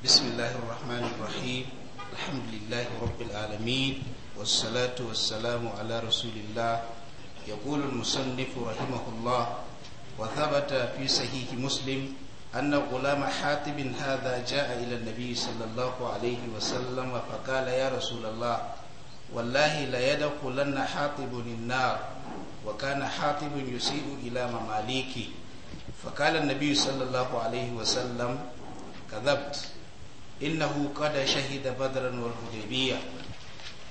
بسم الله الرحمن الرحيم الحمد لله رب العالمين والصلاة والسلام على رسول الله يقول المصنف رحمه الله وثبت في صحيح مسلم أن غلام حاتب هذا جاء إلى النبي صلى الله عليه وسلم فقال يا رسول الله والله ليدخلن حاطب النار وكان حاطب يسيء إلى مماليكي فقال النبي صلى الله عليه وسلم كذبت إنه قد شهد بدرا والهديبية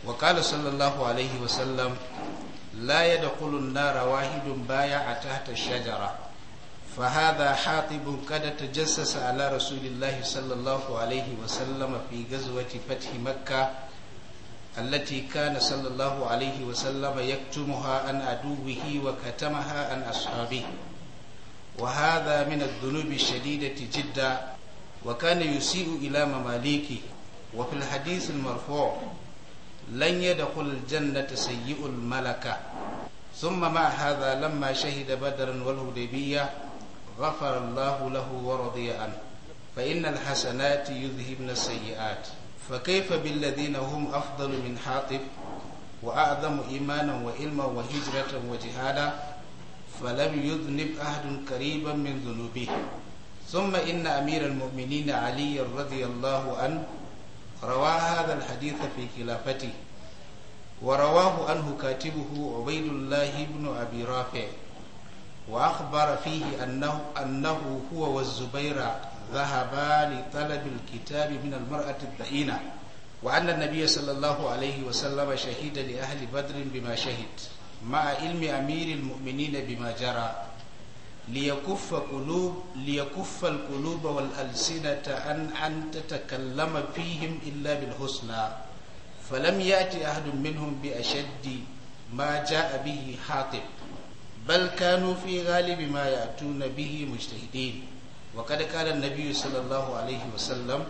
وقال صلى الله عليه وسلم لا يدخل النار واحد بايع تحت الشجرة فهذا حاطب قد تجسس على رسول الله صلى الله عليه وسلم في غزوة فتح مكة التي كان صلى الله عليه وسلم يكتمها عن عدوه وكتمها عن أصحابه وهذا من الذنوب الشديدة جدا وكان يسيء إلى مماليكه وفي الحديث المرفوع لن يدخل الجنة سيء الملكة ثم مع هذا لما شهد بدرا والهديبية غفر الله له ورضي عنه فإن الحسنات يذهبن السيئات فكيف بالذين هم أفضل من حاطب وأعظم إيمانا وعلما وهجرة وجهادا فلم يذنب أحد قريبا من ذنوبه ثم إن أمير المؤمنين علي رضي الله عنه روى هذا الحديث في خلافته ورواه عنه كاتبه عبيد الله بن أبي رافع وأخبر فيه أنه, أنه هو والزبير ذهبا لطلب الكتاب من المرأة الدئينة وأن النبي صلى الله عليه وسلم شهد لأهل بدر بما شهد مع علم أمير المؤمنين بما جرى ليكف قلوب ليكف القلوب والألسنة عن أن تتكلم فيهم إلا بالحسنى فلم يأتي أحد منهم بأشد ما جاء به حاطب بل كانوا في غالب ما يأتون به مجتهدين وقد قال النبي صلى الله عليه وسلم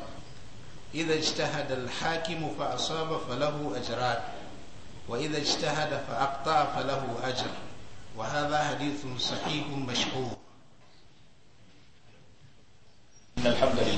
إذا اجتهد الحاكم فأصاب فله أجران وإذا اجتهد فأقطع فله أجر وهذا حديث صحيح مشهور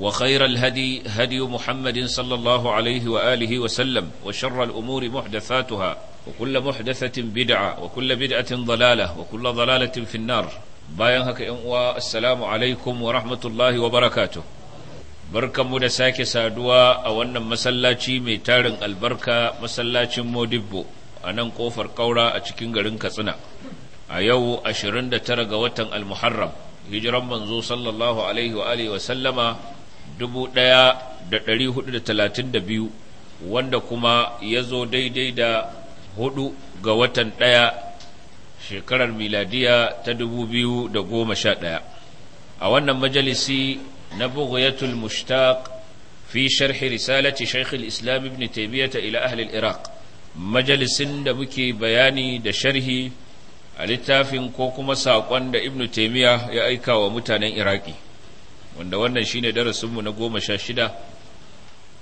وخير الهدي هدي محمد صلى الله عليه وآله وسلم وشر الأمور محدثاتها وكل محدثة بدعة وكل بدعة ضلالة وكل ضلالة في النار bayan haka ‘yan uwa assalamu alaikum wa rahmatullahi wa barakatu barkanmu da sake saduwa a wannan masallaci mai tarin albarka masallacin modibbo a nan kofar kaura a cikin garin katsina a yau 29 ga watan almuharram hijiran manzo sallallahu alaihi wa wa sallama 1432 wanda kuma ya zo daidai da hudu ga watan ɗaya shekarar miladiya ta 2011 a wannan majalisi na bughyatul mushtaq fi sharhi risalati shaykh al-islam ibn taymiyyah ila ahli al-iraq majalisin da muke bayani da sharhi a littafin ko kuma saƙon da ibn taymiyyah ya aika wa mutanen iraki wanda wannan shine darasinmu na goma sha shida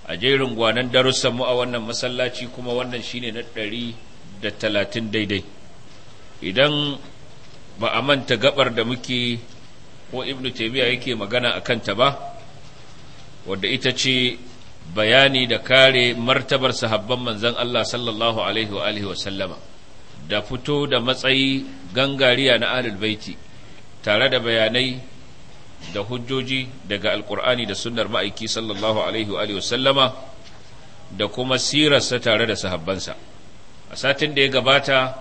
a jerin gwanan darussanmu a wannan masallaci kuma wannan shine na ɗari da talatin daidai idan ba a manta gabar da muke ko ibnu taimiyya yake magana a kanta ba wadda ita ce bayani da kare martabar sahabban manzan Allah sallallahu alaihi wa alihi wasallama da fito da matsayi gangariya na ahlul baiti tare da bayanai da hujjoji daga alkur'ani da sunnar ma'aiki sallallahu alaihi wa sallama da kuma sirarsa tare da sahabbansa a satin da ya gabata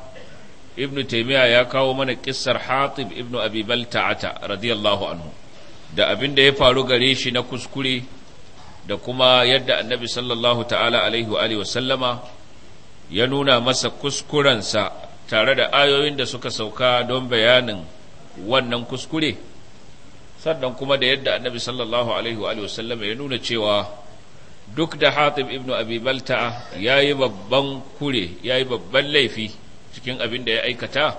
ibnu taimiyya ya kawo mana kissar hatib ibnu abi balta'ata radiyallahu anhu da abin da ya faru gare shi na kuskure da kuma yadda annabi sallallahu ta'ala alaihi wa sallama ya nuna masa kuskurensa tare da ayoyin da suka sauka don bayanin wannan kuskure sannan kuma da yadda annabi sallallahu alaihi wa sallam ya nuna cewa duk da hatim ibnu abi ya yi babban kure ya yi babban laifi cikin abin da ya aikata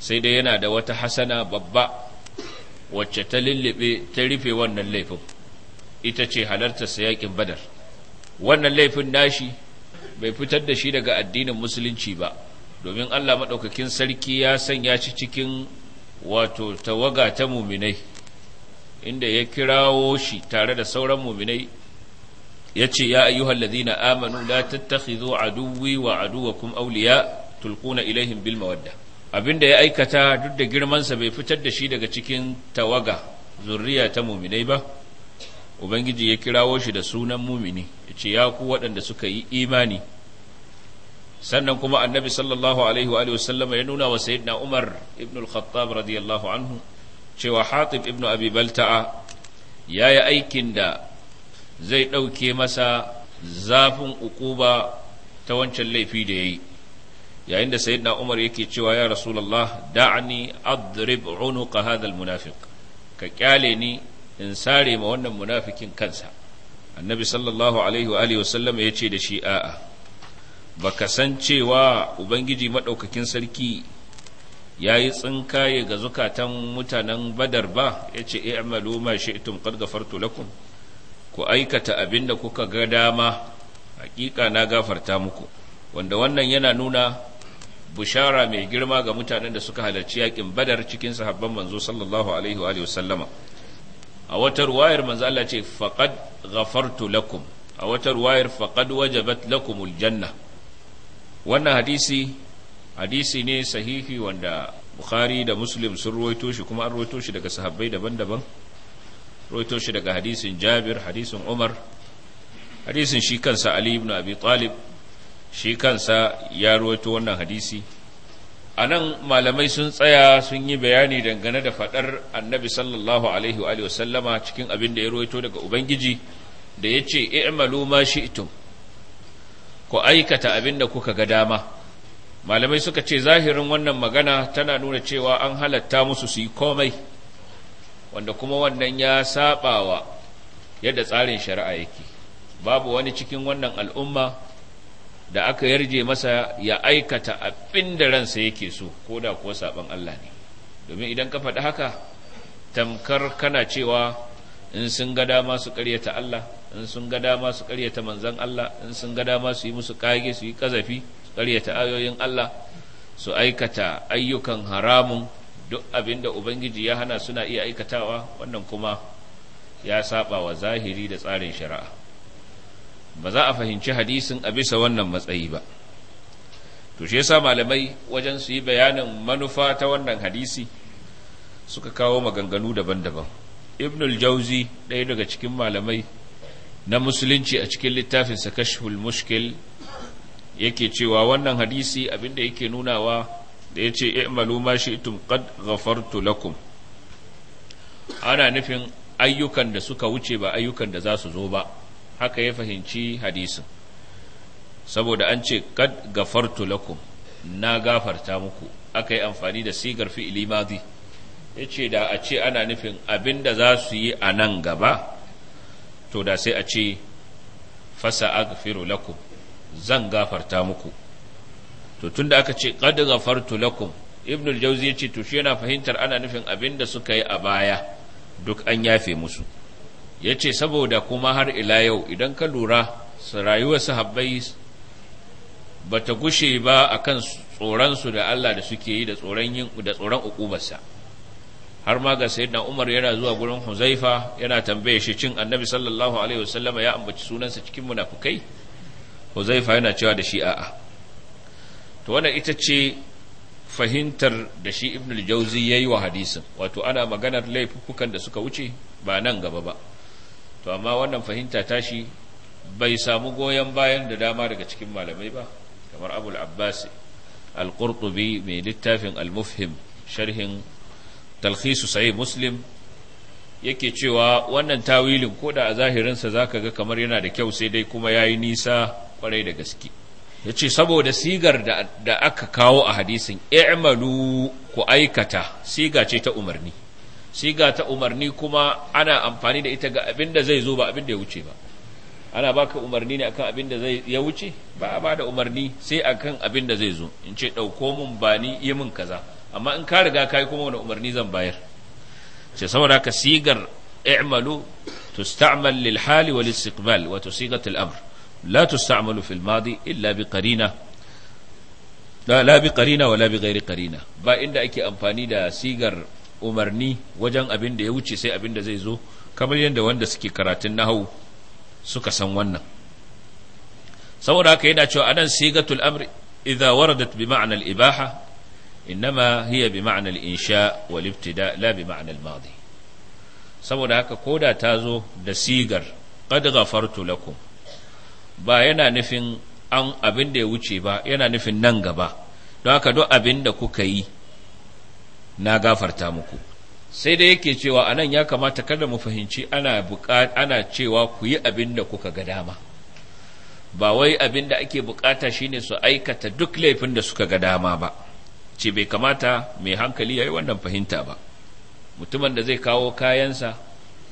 sai dai yana da wata hasana babba wacce ta lullube ta rufe wannan laifin ita ce halartar sa yakin badar wannan laifin nashi bai fitar da shi daga addinin musulunci ba domin Allah maɗaukakin sarki ya sanya shi cikin wato tawaga ta muminai inda ya kirawo shi tare da sauran muminai ya ce ya ayyuhal ladina amanu la tattakhidhu aduwwi wa aduwakum awliya tulquna ilaihim bil mawadda abinda ya aikata duk da girmansa bai fitar da shi daga cikin tawaga zurriya ta muminai ba ubangiji ya kirawo shi da sunan mumini ya ce ya ku waɗanda suka yi imani sannan kuma annabi sallallahu alaihi wa sallama ya nuna wa sayyidina umar ibn al-khattab radiyallahu anhu cewa hatib ibn abi balta'a ya yi aikin da zai ɗauke masa zafin ukuba ta wancan laifi da ya yi yayin da sayyidina umar yake cewa ya rasulullah da'ani adrib unuqa hadha almunafiq ka kyale ni in sare ma wannan munafikin kansa annabi sallallahu alaihi wa alihi wasallam ya ce da shi a'a baka san cewa ubangiji madaukakin sarki ya yi tsinkaye ga zukatan mutanen badar ba ya ce e amalu ma shi'tum qad lakum ku aikata abin da kuka ga dama hakika na gafarta muku wanda wannan yana nuna bushara mai girma ga mutanen da suka halarci yakin badar cikin sahabban manzo sallallahu alaihi wa sallama a wata ruwayar manzo Allah ce faqad ghafartu lakum a wata ruwayar faqad wajabat lakumul janna wannan hadisi hadisi ne sahihi wanda bukhari da muslim sun ruwaito shi kuma an ruwaito shi daga sahabbai daban-daban ruwaito shi daga hadisin jabir hadisin umar hadisin shi kansa ali ibn abi talib shi kansa ya ruwaito wannan hadisi a nan malamai sun tsaya sun yi bayani dangane da fadar annabi sallallahu alaihi wa sallama cikin abin da ya ruwaito daga ubangiji da ya ce i'malu ma shi'tum ku aikata abin da kuka ga dama malamai suka ce zahirin wannan magana tana nuna cewa an halatta musu su yi komai wanda kuma wannan ya sabawa yadda tsarin shari'a yake babu wani cikin wannan al'umma da aka yarje masa ya aikata abin da ransa yake so ko da kuwa saban Allah ne domin idan ka faɗi haka tamkar kana cewa in sun ga dama su ƙaryata Allah in sun ga dama su ƙaryata manzan Allah in sun ga dama su yi musu kage su yi kazafi Karyata ayoyin Allah su aikata ayyukan haramun duk abinda Ubangiji ya hana suna iya aikatawa wannan kuma ya saba wa zahiri da tsarin shari'a ba za a fahimci hadisin a bisa wannan matsayi ba to shi yasa malamai wajen su yi bayanin manufa ta wannan hadisi suka kawo maganganu daban-daban ibnul jauzi ɗaya daga cikin malamai na musulunci a cikin littafinsa kashful mushkil yake cewa wannan hadisi abinda yake nunawa da ya ce i'malu ma shi'tum qad ghafartu lakum ana nufin ayyukan da suka wuce ba ayyukan da za su zo ba haka ya fahimci hadisin saboda an ce kad gafartu lakum na gafarta muku aka yi amfani da sigar fi'ili madi ya ce da a ce ana nufin abinda za su yi a nan gaba to da sai a ce fasa lakum zan gafarta muku to tun da aka ce ƙadda ghafartu lakum ibn jauzi ya ce to shi yana fahimtar ana nufin abin da suka yi a baya duk an yafe musu ya ce, saboda kuma har ila yau idan ka lura su habbai ba ta gushe ba akan tsoron su da Allah da suke yi da tsoron yin da tsoron ukubarsa har ma ga sayyidina Umar yana zuwa gurin Huzaifa yana tambaye shi cin Annabi sallallahu alaihi wasallama ya ambaci sunansa cikin munafukai huzaifa yana cewa da shi a'a to wannan ita ce fahimtar da shi ibn al ya yayi wa hadisin wato ana maganar laifukan da suka wuce ba nan gaba ba to amma wannan fahimta tashi bai samu goyon bayan da dama daga cikin malamai ba kamar abul abbas al-qurtubi mai littafin al-mufhim sharhin talkhisu sahih muslim yake cewa wannan tawilin ko da a zahirinsa zaka ga kamar yana da kyau sai dai kuma yayi nisa kwarai da gaske ya ce saboda sigar da aka kawo a hadisin i'malu ku aikata siga ce ta umarni siga ta umarni kuma ana amfani da ita ga abin da zai zo ba abin da ya wuce ba ana baka umarni ne akan abin da zai ya wuce ba a bada umarni sai akan abin da zai zo in ce ɗauko mun ba ni yi kaza amma in ka riga kai kuma wani umarni zan bayar ce saboda ka sigar i'malu tusta'mal lil hali wal istiqbal wa tusigat amr لا تستعمل في الماضي إلا بقرينة لا, لا بقرينة ولا بغير قرينة با إن أكي أمفاني دا سيغر أمرني وجن أبن دا يوشي سي أبن دا زيزو كما يند وند سكي كراتن نهو سكا سنوانا سورا كينا شو أنا سيغة الأمر إذا وردت بمعنى الإباحة إنما هي بمعنى الإنشاء والابتداء لا بمعنى الماضي saboda haka koda ta zo da sigar qad ghafartu lakum ba yana nufin an abin da ya wuce ba yana nufin nan gaba don haka duk abin da kuka yi na gafarta muku sai dai yake cewa a nan ya kamata kada mu fahimci ana cewa ku yi abin da kuka ga dama ba wai abin da ake bukata shine su aikata duk laifin da suka ga dama ba ce bai kamata mai hankali ya yi wannan fahimta ba mutumin da zai kawo kayansa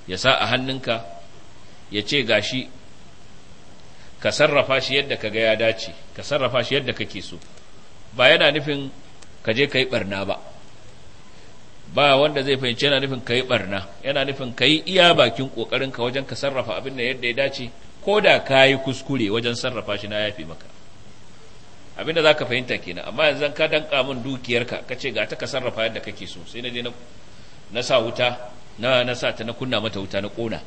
ya sa a hannunka ya ce gashi ka sarrafa shi yadda ka ga ya dace ka sarrafa shi yadda kake so ba yana nufin ka je ka barna ba ba wanda zai fahimci yana nufin ka barna yana nufin ka yi iya bakin kokarin ka wajen ka sarrafa abin da yadda ya dace ko da ka kuskure wajen sarrafa shi na yafi maka abin da za ka fahimta kenan amma yanzu ka danka min dukiyarka ka ce ga ta ka sarrafa yadda kake so sai na je na sa wuta na sa ta na kunna mata wuta na kona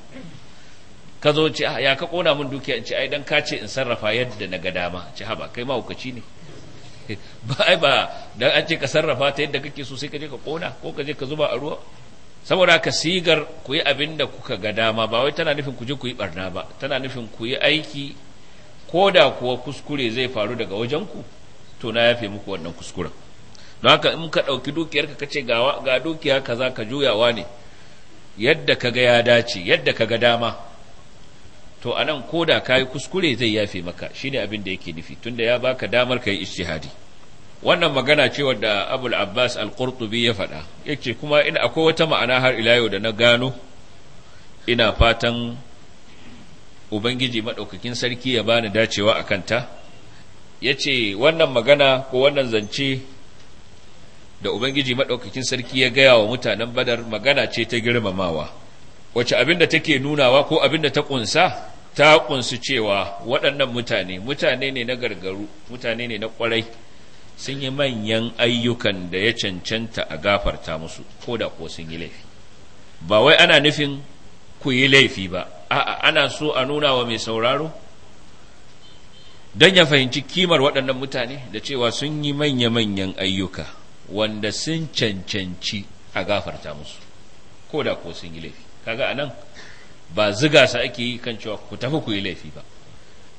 ka zo ce ah, ya ka kona min dukiya in ce ai dan ka ce in sarrafa yadda na ga dama ce haba kai ma hukaci ne ba ai ba dan an ce ka sarrafa ta yadda kake so sai ka je ka kona ko ka je ka zuba a ruwa saboda ka sigar ku yi abin da kuka ga dama ba wai tana nufin ku je ku yi barna ba tana nufin ku yi aiki ko da kuwa kuskure zai faru daga wajen ku to na yafe muku wannan kuskuren don haka in ka ɗauki dukiyarka ka ce ga dukiya kaza ka juyawa ne yadda ka ga ya dace yadda ka ga dama to anan koda kayi kuskure zai yafe maka shine abin da yake nufi tunda ya baka damar ka kai ijtihadi wannan magana ce wadda Abul Abbas Al-Qurtubi ya faɗa yace kuma in akwai wata ma'ana har ila yau da na gano ina fatan Ubangiji madaukakin sarki ya bani dacewa a kanta yace wannan magana ko wannan zance da Ubangiji madaukakin sarki ya gaya wa mutanen Badar magana ce ta girmamawa wace abin da take nunawa ko abin da ta kunsa ta kunsu cewa waɗannan mutane mutane ne na gargaru mutane ne na ƙwarai sun yi manyan ayyukan da ya cancanta a gafarta musu ko da ko sun yi laifi ba wai ana nufin ku yi laifi ba a'a ana so a nuna wa mai sauraro don ya fahimci kimar waɗannan mutane da cewa sun yi manya-manyan ayyuka wanda sun cancanci a gafarta musu ko da ko sun yi laifi kaga anan ba ziga sa ake yi kan cewa ku tafi ku yi laifi ba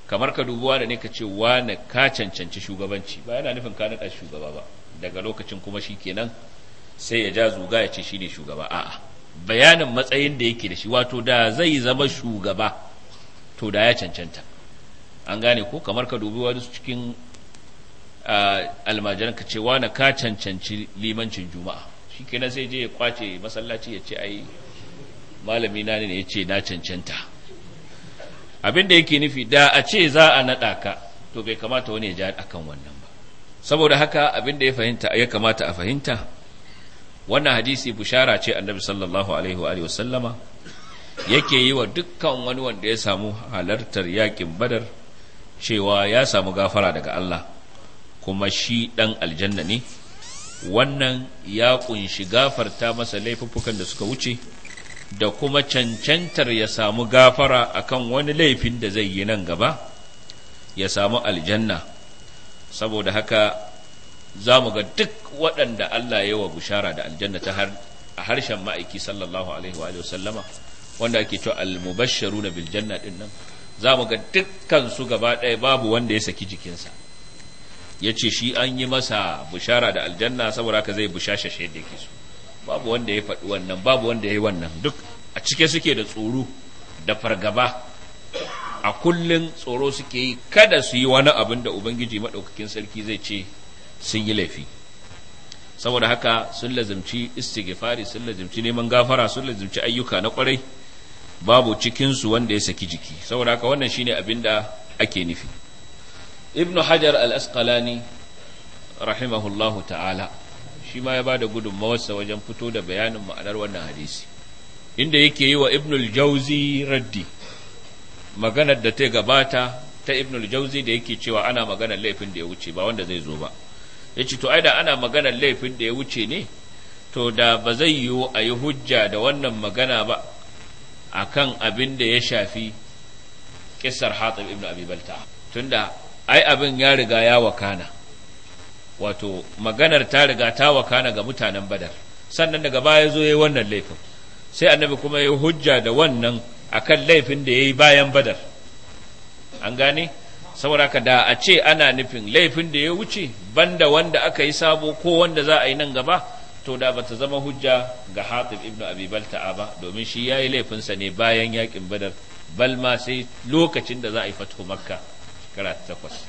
kamar ka dubuwa da ne ka ce wane ka cancanci shugabanci ba yana nufin ka naɗa shugaba ba daga lokacin kuma shi kenan sai ya ja zuga ya ce shi ne shugaba a'a bayanin matsayin da yake da shi wato da zai zama shugaba to da ya cancanta an gane ko kamar ka dubi wani cikin almajiran ka ce wane ka cancanci limancin juma'a shi kenan sai je ya kwace masallaci ya ce ai malami na ne ya ce na cancanta abinda yake nufi da a ce za a naɗa ka to bai kamata wani ya ja akan wannan ba saboda haka abin da ya fahimta ya kamata a fahimta wannan hadisi bushara ce annabi sallallahu alaihi wa sallama yake yi wa dukkan wani wanda ya samu halartar yakin badar cewa ya samu gafara daga Allah kuma shi dan aljanna ne wannan ya kunshi gafarta masa laifuffukan da suka wuce da kuma cancantar ya samu gafara akan wani laifin da zai yi nan gaba ya samu aljanna saboda haka za mu ga duk waɗanda Allah ya wa bushara da aljanna ta a harshen ma'aiki sallallahu alaihi wa sallama wanda ake cewa almubasharu na biljanna din nan za mu ga dukkan gaba ɗaya babu wanda ya saki jikinsa ya ce shi an yi masa bushara da aljanna saboda haka zai bushashe shi yadda yake so babu wanda ya faɗi wannan babu wanda ya yi wannan duk a cike suke da tsoro da fargaba a kullum tsoro suke yi kada su yi wani abin da ubangiji maɗaukakin sarki zai ce sun yi laifi saboda haka sun lazimci istighfari sun lazimci neman gafara sun lazimci ayyuka na kwarai babu cikinsu wanda ya saki jiki saboda haka wannan shine abin da ake nufi ibnu hajar al-asqalani rahimahullahu ta'ala shi ma ya ba bada gudunmawarsa wajen fito da bayanin ma'anar wannan hadisi inda yake yi wa ibnul jauzi raddi maganar da ta gabata ta ibnul jauzi da yake cewa ana maganar laifin da ya wuce ba wanda zai zo ba ya ce to ai da ana maganar laifin da ya wuce ne to da ba zai yiwu a yi hujja da wannan magana ba akan abin da ya shafi kisar hatsar ibn abi balta tunda ai abin ya riga ya wakana wato maganar ta riga ta wakana ga mutanen badar sannan daga baya zo ya yi wannan laifin sai annabi kuma ya hujja da wannan akan laifin da ya yi bayan badar an gane saboda da a ce ana nufin laifin da ya wuce banda wanda aka yi sabo ko wanda za a yi nan gaba to da bata zama hujja ga hatib ibnu abi balta'a ba domin shi ya yi laifinsa ne bayan yakin badar balma ma sai lokacin da za a yi fatu makka shekara takwas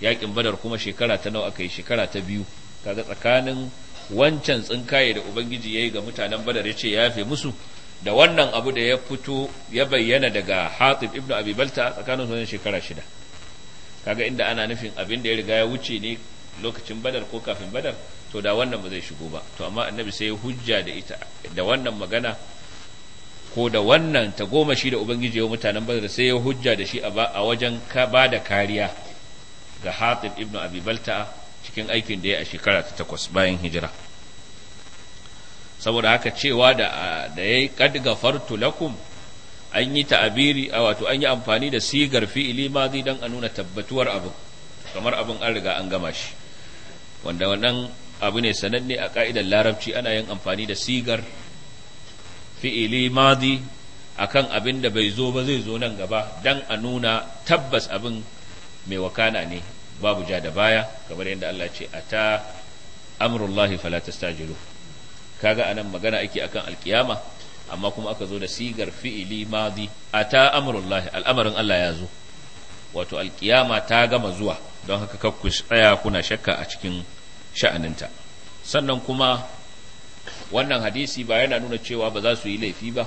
yakin badar kuma shekara ta nawa aka yi shekara ta biyu kaga tsakanin wancan tsinkaye da ubangiji yayi ga mutanen badar yace ya yafe musu da wannan abu da ya fito ya bayyana daga hatib ibn abi balta tsakanin sunan shekara shida kaga inda ana nufin abin da ya riga ya wuce ne lokacin badar ko kafin badar to da wannan ba zai shigo ba to amma annabi sai ya hujja da ita da wannan magana ko da wannan ta goma shi da ubangiji ya mutanen badar sai ya hujja da shi a wajen ka bada kariya ga hatib ibnu abi balta'a cikin aikin da ya a shekara ta takwas bayan hijira saboda haka cewa da da yayi qad gafartu lakum an yi ta'abiri a wato an yi amfani da sigar fi'ili madi dan a nuna tabbatuwar abu kamar abin an riga an gama shi wanda wannan abu ne sananne a ka'idar larabci ana yin amfani da sigar fi'ili madi akan abin da bai zo ba zai zo nan gaba dan a nuna tabbas abin mai wakana ne babu ja da baya kamar yadda Allah ce ata amrullahi fala tastajilu kaga anan magana ake akan alkiyama amma kuma aka zo da sigar fi'ili madi ata amrullahi al'amarin Allah ya zo wato alkiyama ta gama zuwa don haka kakku tsaya kuna shakka a cikin sha'aninta sannan kuma wannan hadisi ba yana nuna cewa ba za su yi laifi ba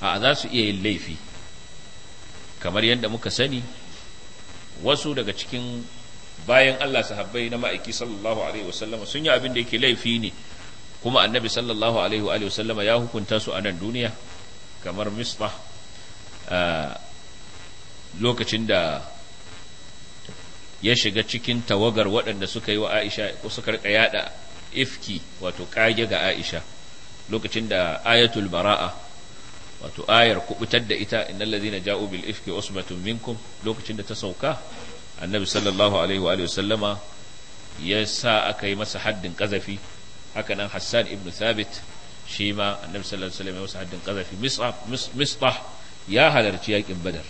a za su iya yin laifi kamar yadda muka sani wasu daga cikin bayan Allah sahabbai na ma'aiki sallallahu alaihi wasallama sun yi abin da yake laifi ne kuma annabi sallallahu alaihi wa sallama ya hukunta su a nan duniya kamar misbah lokacin da ya shiga cikin tawagar waɗanda suka yi wa Aisha ko suka rika yada ifki wato kage ga Aisha lokacin da ayatul bara'a wato ayar kubutar da ita innal ladhina ja'u bil ifki usbatun minkum lokacin da ta sauka annabi sallallahu alaihi wa alihi sallama ya sa aka yi masa haddin kazafi haka nan Hassan ibn Thabit shi ma annabi sallallahu alaihi wasallam ya masa haddin kazafi misbah ya halarci yakin badar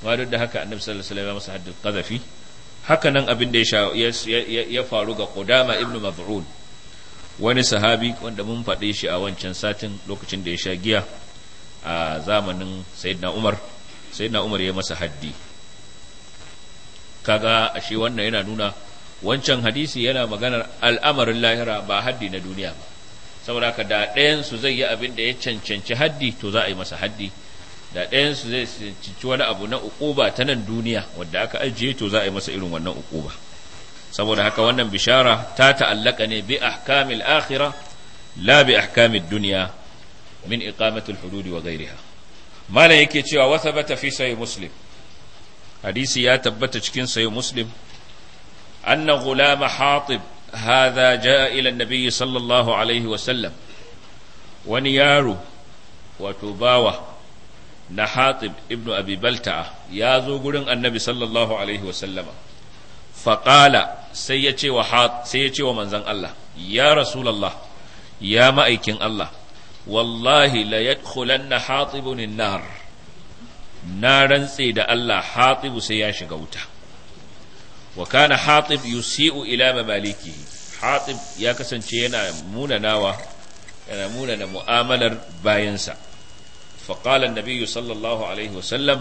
ma duk da haka annabi sallallahu alaihi wasallam ya masa haddin kazafi haka nan abin da ya faru ga Qudama ibn Mab'un wani sahabi wanda mun faɗe shi a wancan satin lokacin da ya sha giya a zamanin sayyidina umar sayyidina umar ya masa haddi kaga ashe wannan yana nuna wancan hadisi yana maganar al'amarin lahira ba haddi na duniya ba saboda haka da ɗayansu zai yi abin da ya cancanci haddi to za a yi masa haddi da ɗayansu zai cancanci wani abu na uquba ta nan duniya wadda aka ajiye to za a yi masa irin wannan uquba saboda haka wannan bishara ta ta'allaka ne bi ahkamil akhirah la bi ahkamid dunya min iqamatul hududi wa ghairiha malam yake cewa wa thabata fi sahih muslim hadisi ya tabbata cikin sahih muslim anna gulama hatib hadha jaa ila an-nabi sallallahu wa sallam wani yaro wato bawa na hatib ibnu abi balta'a ya zo gurin annabi sallallahu alayhi wa sallama faƙala sai ya ce wa manzan Allah ya rasulallah ya ma'aikin Allah wallahi la yadkhulanna hatibun nar na rantse da Allah hatibu sai ya shiga wuta wa kana hatib yusi'u ila mamalikihi hatib ya kasance yana munanawa yana munana mu'amalar bayansa فقال النبي صلى الله عليه وسلم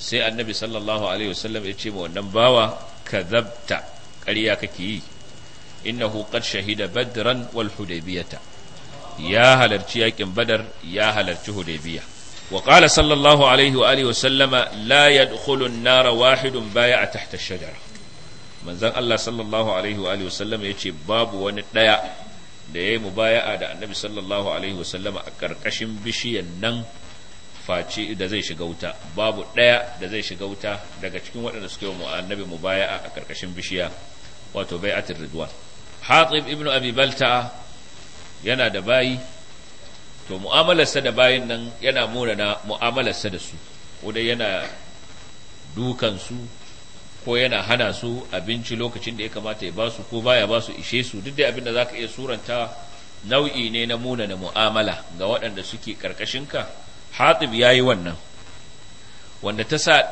sai annabi sallallahu alaihi wasallam ya ce ma wannan bawa kadhabta ƙarya kake yi innahu qad shahida badran wal hudaybiyata ya halarci yakin badar ya halarci hudaybiya wa qala sallallahu alaihi wa alihi wa sallama la yadkhulu an-nar wahidun baya tahta ash-shajara manzon Allah sallallahu alaihi wa alihi wa sallama yace babu wani daya da yayi mubaya'a da annabi sallallahu alaihi wa sallama a karkashin bishiyan nan face da zai shiga wuta babu daya da zai shiga wuta daga cikin waɗanda suke wa annabi mubaya'a a karkashin bishiya wato bai'atir ridwan hatib Ibn abi balta'a yana da bayi to mu'amalarsa da bayin nan yana munana mu'amalarsa da su ko dai yana dukan su ko yana hana su abinci lokacin da ya kamata ya basu ko baya basu ishe su duk da abin da zaka iya suranta nau'i ne na munana mu'amala ga waɗanda suke karkashin ka hatib ya yi wannan wanda ta sa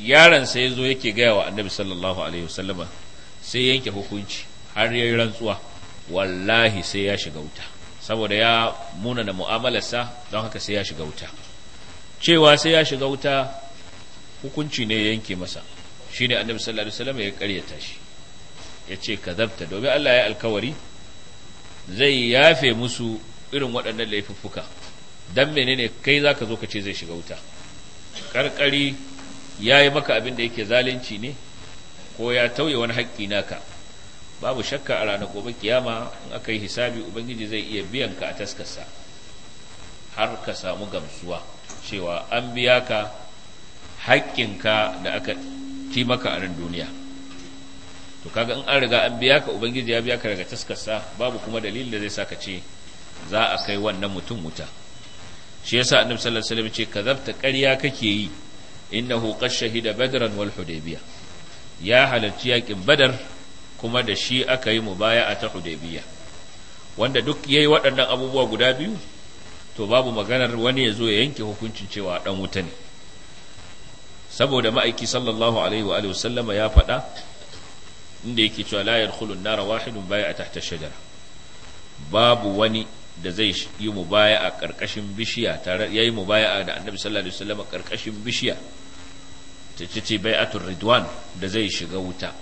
yaransa ya zo yake gaya wa annabi sallallahu alaihi wasallama sai yanke hukunci har ya rantsuwa wallahi sai ya shiga wuta saboda ya muna da mu'amalarsa don haka sai ya shiga wuta cewa sai ya shiga wuta hukunci ne ya yanke masa shi ne annabi sallallahu alaihi wasallam ya karyata shi ya ce zabta domin Allah ya alkawari zai yafe musu irin waɗannan laifuffuka dan menene kai zaka zo ka ce zai shiga wuta karkari ya yi maka abin da yake zalunci ne ko ya tauye wani haƙƙi naka babu shakka a ranar gobe kiyama in aka yi hisabi ubangiji zai iya biyan ka a taskarsa har ka samu gamsuwa cewa an biya ka haƙƙinka da aka ci maka a nan duniya to kaga in an riga an biya ka ubangiji ya biya ka daga taskarsa babu kuma dalilin da zai sa ka ce za a kai wannan mutum wuta shi yasa annabi sallallahu alaihi wasallam ce kazabta ƙarya kake yi innahu qashahida shahida badran wal hudaybiyah ya halarci yakin badar kuma da shi aka yi a ta hudaybiya wanda duk yayi waɗannan abubuwa guda biyu to babu maganar wani ya zo ya yanke hukuncin cewa dan wuta ne saboda ma'aiki sallallahu alaihi wa alihi sallama ya faɗa inda yake cewa la yadkhulu an-nara wahidun bai'a tahta shajara babu wani da zai yi a ƙarƙashin bishiya tare yayi mubaya'a da annabi sallallahu alaihi wasallam ƙarƙashin bishiya ta ce bai'atul ridwan da zai shiga wuta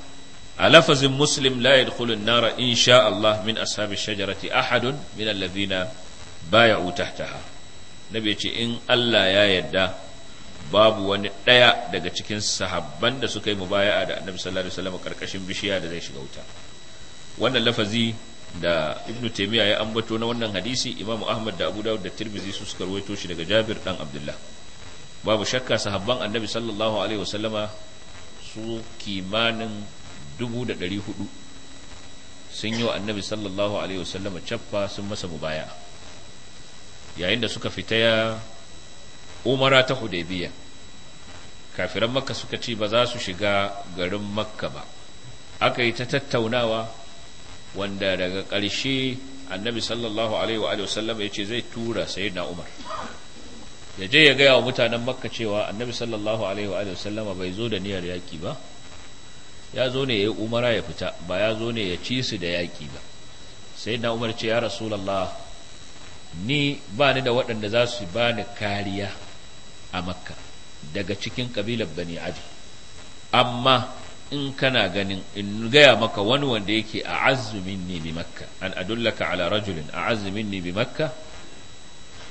a lafazin muslim la yadkhulu nara in insha Allah min ashabi shajarati ahadun min alladhina bay'u tahtaha nabi ce in Allah ya yadda babu wani daya daga cikin sahabban da suka yi mubaya'a da annabi sallallahu alaihi wasallam karkashin bishiya da zai shiga wuta wannan lafazi da ibn taymiya ya ambato na wannan hadisi imamu ahmad da abu dawud da tirmizi su suka rawaito shi daga jabir dan abdullah babu shakka sahabban annabi sallallahu alaihi wasallama su kimanin dubu da ɗari hudu sun yi wa annabi sallallahu alaihi wasallam cappa sun masa mubaya yayin da suka fita ya umara ta hudaybiya kafiran makka suka ce ba za su shiga garin makka ba aka yi ta tattaunawa wanda daga ƙarshe annabi sallallahu alaihi wa sallam ya ce zai tura na umar ya je ya gaya wa mutanen makka cewa annabi sallallahu alaihi wa bai zo da niyyar yaƙi ba ya zo ne ya yi umara ya fita ba ya zo ne ya ci su da yaƙi ba sai na umar ce ya rasulallah ni ba ni da waɗanda za su ba ni kariya a makka daga cikin ƙabilar bani adi amma in kana ganin in gaya maka wani wanda yake a azumin ne bi makka an adullaka ala rajulin a azumin ne bi makka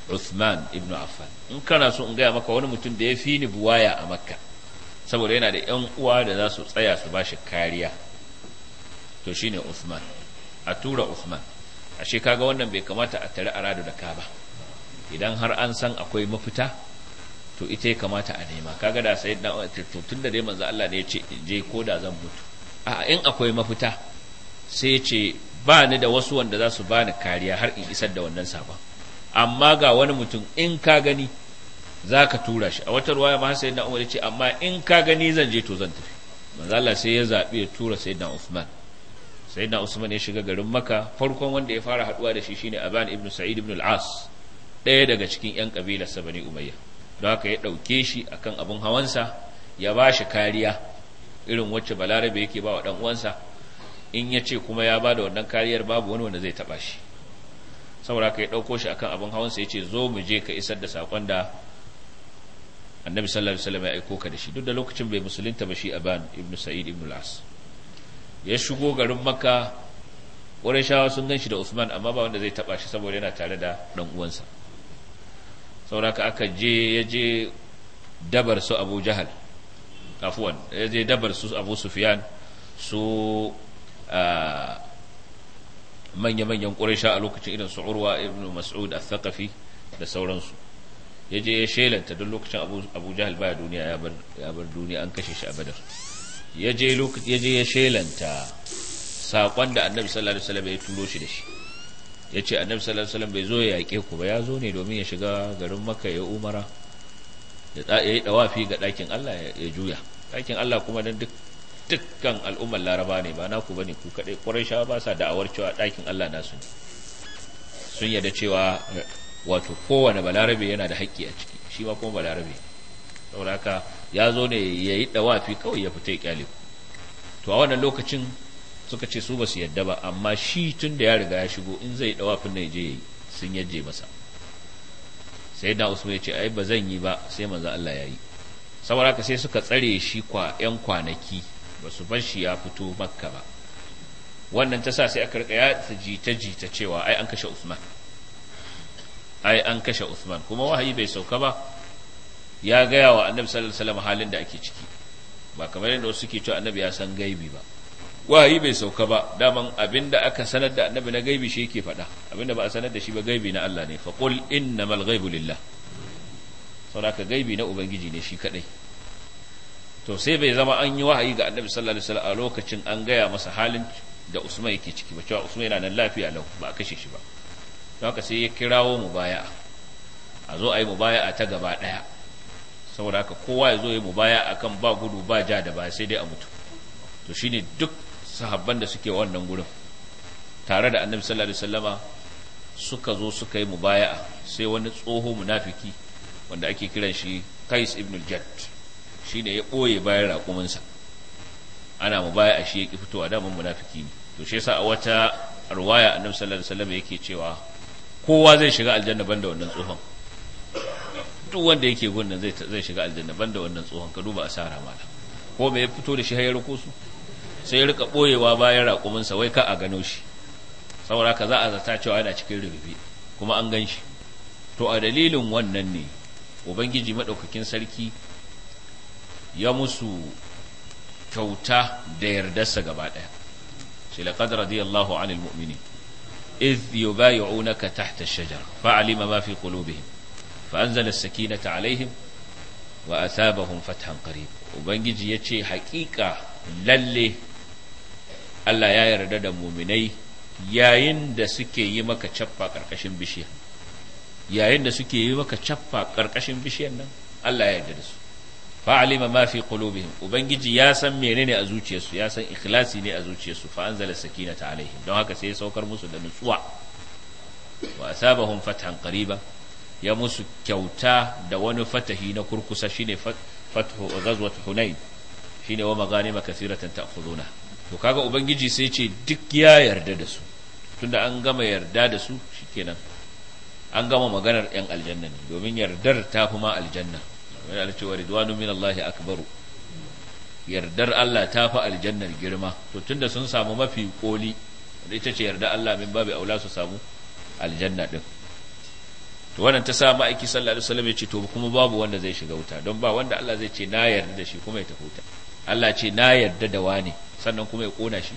Uthman ibn Affan in kana so in gaya maka wani mutum da ya fi ni buwaya a makka saboda yana da yan uwa da za su tsaya su ba shi kariya to shine Usman. a tura Usman. ashe kaga wannan bai kamata a tare aradu da ka ba idan har an san akwai mafita to ita ya kamata a nema kaga da sai tun da dai manzo Allah ne ya ce in je ko da zan mutu a in akwai mafita sai ce ba ni da wasu wanda za su ba kariya har in isar da wannan sabon amma ga wani mutum in ka gani za ka tura shi a wata ruwaya ma sayyidina umar ya ce amma in ka gani zan je to zan tafi manzala sai ya zaɓi ya tura sayyidina usman sayyidina usman ya shiga garin maka farkon wanda ya fara haɗuwa da shi shine aban ibn sa'id ibn al-as ɗaya daga cikin yan kabilar sabani umayya don haka ya ɗauke shi akan abin hawansa ya ba shi kariya irin wacce balarabe yake ba wa ɗan uwansa in ya ce kuma ya ba da wannan kariyar babu wani wanda zai taɓa shi saboda ka ya ɗauko shi akan abin hawansa ya ce zo mu je ka isar da saƙon da annabi sallallahu alaihi wasallam ya aiko ka da shi duk da lokacin bai musulunta ba shi aban ibn sa'id ibn al-as ya shigo garin makka shawa sun gan shi da usman amma ba wanda zai taba shi saboda yana tare da dan uwansa sauraka aka je ya je dabar su abu jahal afuwan ya je dabar su abu sufyan su manya-manyan ƙuraisha a lokacin irin su urwa ibn mas'ud al-thaqafi da sauransu ya je ya shelanta don lokacin abu jahal baya duniya ya bar duniya an kashe shi a badar ya je ya shelanta saƙon da annabi sallallahu alaihi wasallam ya turo shi da shi ya ce annabi sallallahu alaihi wasallam bai zo ya yaƙe ku ba ya zo ne domin ya shiga garin maka ya umara ya yi dawafi ga ɗakin allah ya juya ɗakin allah kuma don duk dukkan al'ummar laraba ne ba naku ba ne ku kaɗai ƙwarai shawa ba sa da'awar cewa ɗakin allah nasu ne sun yarda cewa wato kowane balarabe yana da haƙƙi a ciki shi ma kuma balarabe saboda haka ya zo ne ya yi dawafi kawai ya fita ya to a wannan lokacin suka ce su ba su yadda ba amma shi tun da ya riga ya shigo in zai dawafin na je yi sun yaje masa sai na usman ya ce ai ba zan yi ba sai manzo Allah ya yi saboda haka sai suka tsare shi kwa yan kwanaki ba su bar shi ya fito makka ba wannan ta sa sai aka rika ya jita jita cewa ai an kashe usman ai an kashe Uthman kuma wahayi bai sauka ba ya gaya wa annabi sallallahu alaihi wasallam halin da ake ciki ba kamar yadda wasu suke cewa annabi ya san gaibi ba wahayi bai sauka ba daman abinda aka sanar da annabi na gaibi shi yake faɗa abinda ba a sanar da shi ba gaibi na Allah ne fa qul innamal ghaibu lillah saboda gaibi na ubangiji ne shi kadai to sai bai zama an yi wahayi ga annabi sallallahu alaihi wasallam a lokacin an gaya masa halin da Usman yake ciki ba cewa Usman yana nan lafiya lau ba a kashe shi ba haka sai ya kirawo mubaya'a a zo a yi mubaya'a ta gaba ɗaya saboda haka kowa ya zo ya mubaya'a akan ba gudu ba ja da ba sai dai a mutu to shine duk sahabban da suke wannan gurin tare da annabi sallallahu alaihi wasallama suka zo suka yi mubaya'a sai wani tsoho munafiki wanda ake kiran shi kais ibn al-Jadd shine ya ɓoye bayan raƙuminsa ana mubaya'a shi ya ki fitowa daman munafiki ne to shi yasa a wata ruwaya annabi sallallahu alaihi wasallama yake cewa kowa zai shiga aljanna banda wannan tsohon duk wanda yake gunnan zai zai shiga aljanna banda wannan tsohon ka duba asara mala ko me ya fito da shi hayar ko su sai ya rika boyewa bayan rakumin sa wai ka a gano shi saboda ka za a zata cewa yana cikin rububi kuma an gan shi to a dalilin wannan ne ubangiji madaukakin sarki ya musu kyauta da yardarsa gaba ɗaya sai laqad radiyallahu anil mu'minin إذ يبايعونك تحت الشجر فعلم ما في قلوبهم فأنزل السكينة عليهم وأثابهم فتحا ubangiji وبنجي يتشي حقيقة للي Allah ya yarda da muminai yayin da suke yi maka cappa ƙarƙashin bishiya yayin da suke yi maka cappa ƙarƙashin bishiyar nan Allah ya yarda da su fa alima ma fi qulubihim ubangiji ya san menene a zuciyarsu ya san ikhlasi ne a zuciyarsu fa anzala sakinata alaihim don haka sai ya saukar musu da nutsuwa wa asabahum fathan qariba ya musu kyauta da wani fatahi na kurkusa shine fathu ghazwat hunain shine wa maghanima kathiratan ta'khuduna to kaga ubangiji sai ce duk ya yarda da su tunda an gama yarda da su shikenan an gama maganar yan aljanna ne domin yardar ta kuma aljanna yana cewa ridwanu min Allahi akbaru yardar Allah ta fi aljannar girma to tunda sun samu mafi koli ita ce yarda Allah min babu aula su samu aljanna din to wannan ta sa ma'aiki sallallahu alaihi wasallam ya ce to kuma babu wanda zai shiga wuta don ba wanda Allah zai ce na yarda da shi kuma ya tafi wuta Allah ce na yarda da wani. sannan kuma ya kona shi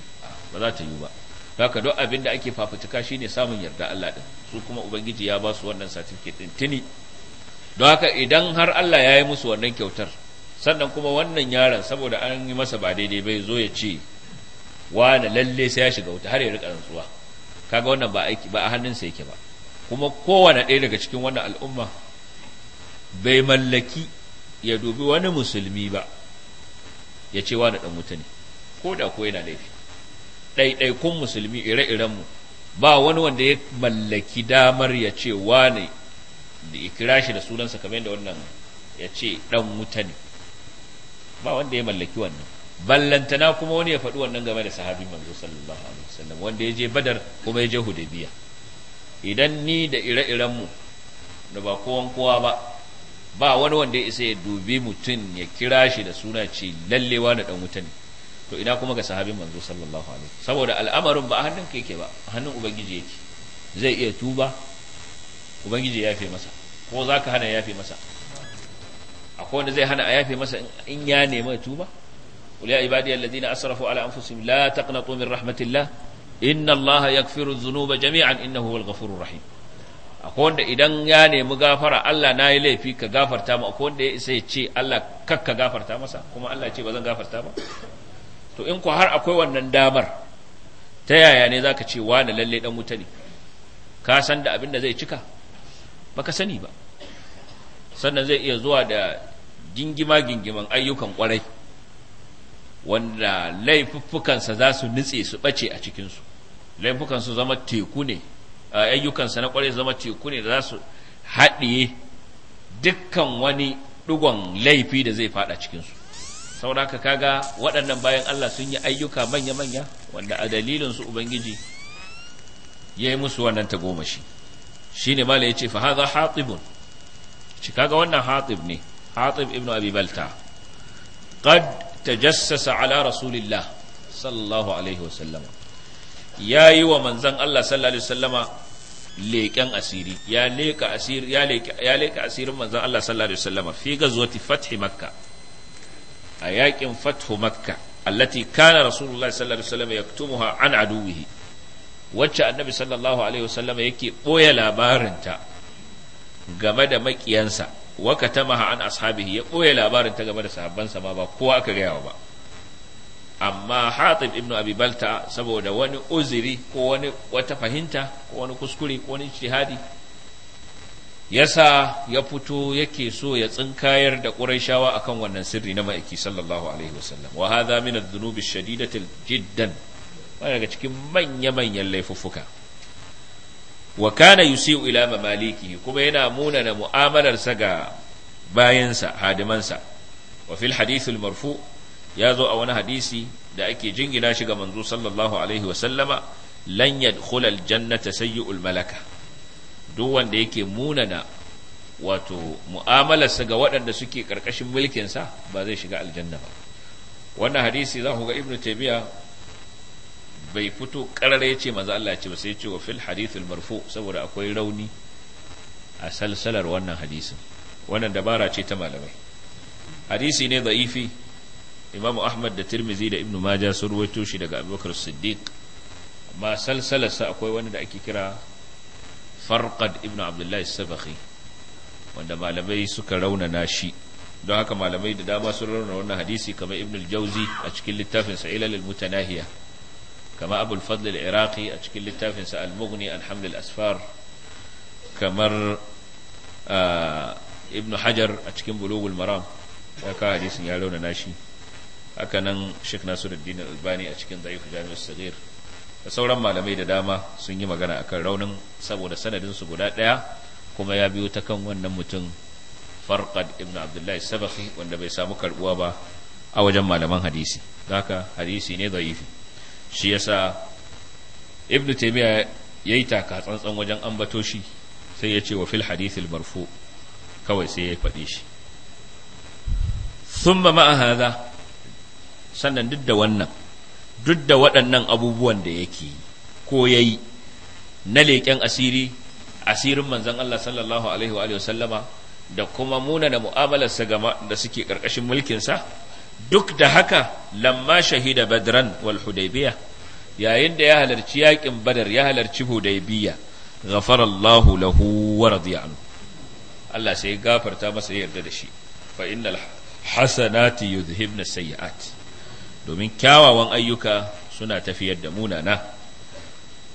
ba za ta yi ba haka duk abin da ake fafutuka shine samun yarda Allah din su kuma ubangiji ya ba su wannan certificate din tuni don haka idan har Allah ya yi musu wannan kyautar sannan kuma wannan yaron saboda an yi masa ba daidai bai zo ya ce na lalle sai ya shiga wuta har ya rika rantsuwa kaga wannan ba aiki ba a hannunsa yake ba kuma kowane ɗaya daga cikin wannan al'umma bai mallaki ya dubi wani musulmi ba ya ce wane ɗan wuta ko da ko yana laifi ɗaiɗaikun musulmi ire-irenmu ba wani wanda ya mallaki damar ya ce wane. da ya kira shi da sunansa kamar yadda wannan ya ce dan wuta ne ba wanda ya mallaki wannan ballantana kuma wani ya faɗi wannan game da sahabi manzo sallallahu alaihi wasallam wanda ya je badar kuma ya je hudaybiya idan ni da ire-iren mu da ba kowan kowa ba ba wani wanda ya isa ya dubi mutum ya kira shi da suna ce lallewa na dan wuta ne to ina kuma ga sahabin manzo sallallahu alaihi saboda al'amarin ba a hannun ke yake ba hannun ubangiji yake zai iya tuba ubangiji ya yafe masa ko za ka hana ya yafe masa akwai wanda zai hana a yafe masa in ya nema tuba qul ya ibadiy alladhina asrafu ala anfusihim la taqnatu min rahmatillah inna allaha yaghfiru dhunuba jami'an innahu huwal ghafurur rahim akwai wanda idan ya nemi gafara Allah na yi laifi ka gafarta ma akwai wanda ya ce Allah kak gafarta masa kuma Allah ce ba zan gafarta ba to in ku har akwai wannan damar ta yaya ne zaka ce wani lalle dan wuta ka san da abin da zai cika baka sani ba sannan zai iya zuwa da gingima gingiman ayyukan kwarai wanda laifuffukansa za su nutse su ɓace a cikinsu laifukansu zama teku ne ayyukansa na kwarai zama teku ne da za su haɗiye dukkan wani ɗigon laifi da zai faɗa cikinsu saboda haka kaga waɗannan bayan Allah sun yi ayyuka manya-manya wanda a dalilinsu Ubangiji ya yi musu wannan tagomashi. shine mala yace fa hadha haqibun shi kaga wannan haqib ne haqib ibnu abi balta qad tajassasa ala rasulillah sallallahu alaihi wa ya yi wa manzon Allah sallallahu alaihi wasallama leƙen asiri ya leƙa asiri ya leka ya leƙa asirin manzon Allah sallallahu alaihi wasallama fi gazwati fathi makka a yaƙin fathu makka allati kana rasulullahi sallallahu alaihi wasallam yaktumuha an aduwihi wacce annabi sallallahu alaihi wasallam yake boye labarinta game da maƙiyansa waka ta an ashabihi ya labarin labarinta game da sahabbansa ma ba kowa aka gaya ba amma hatib ibnu abi balta saboda wani uzuri ko wani wata fahimta ko wani kuskure ko wani jihadi yasa ya fito yake so ya tsinkayar da ƙurashawa akan wannan sirri na ma'aiki sallallahu alaihi wasallam wa hadha min adh-dhunubi shadidati jiddan daga cikin manya-manyan laifuffuka wa kana yusiu ila mamaliki kuma yana munana mu'amalarsa ga bayansa hadimansa wa fil hadithul marfu ya zo a wani hadisi da ake jingina shi ga manzo sallallahu alaihi wa sallama lan yadkhul al jannata sayyi'ul malaka duk wanda yake munana wato mu'amalarsa ga waɗanda suke ƙarƙashin mulkinsa ba zai shiga aljanna ba wannan hadisi za ku ga ibnu taymiya bai fito karar ya ce manzo Allah ce ba sai ya ce wa fil hadithul marfu saboda akwai rauni a salsalar wannan hadisin wannan dabara ce ta malamai hadisi ne za'ifi Imam Ahmad da tirmizi da Ibn Majah sun ruwaito shi daga Abubakar Siddiq amma salsalarsa akwai wani da ake kira Farqad Ibn Abdullahi Sabakhi wanda malamai suka raunana shi don haka malamai da dama sun raunana wannan hadisi kamar Ibn jauzi a cikin littafin sa Ilalil Mutanahiya kama abul fadl Iraki iraqi a cikin littafinsa al-mughni alhamd asfar kamar ibn hajar a cikin bulugul maram ya kawo hadisin ya rauna nashi haka nan sheikh nasiruddin al-albani a cikin da'if jami'u sagir da sauran malamai da dama sun yi magana akan raunin saboda sanadin su guda ɗaya kuma ya biyo ta kan wannan mutum farqad ibn abdullahi sabaki wanda bai samu karbuwa ba a wajen malaman hadisi haka hadisi ne da'ifi shi yasa ibnu taymiya yayi taka tsantsan wajen ambato shi sai ya ce wa fil hadithil marfu kawai sai ya faɗi shi thumma ma'a hadha sannan duk da wannan duk da waɗannan abubuwan da yake ko yayi na leƙen asiri asirin manzon Allah sallallahu alaihi wa sallama da kuma muna da mu'amalarsa da suke ƙarƙashin mulkinsa duk da haka lamma shahida badran wal hudaybiya yayin da ya halarci yakin badar ya halarci hudaybiya ghafara Allah lahu wa radiya anhu Allah sai gafarta masa yarda da shi fa innal hasanati yuzhibna sayyi'at domin kyawawan ayyuka suna tafiyar da munana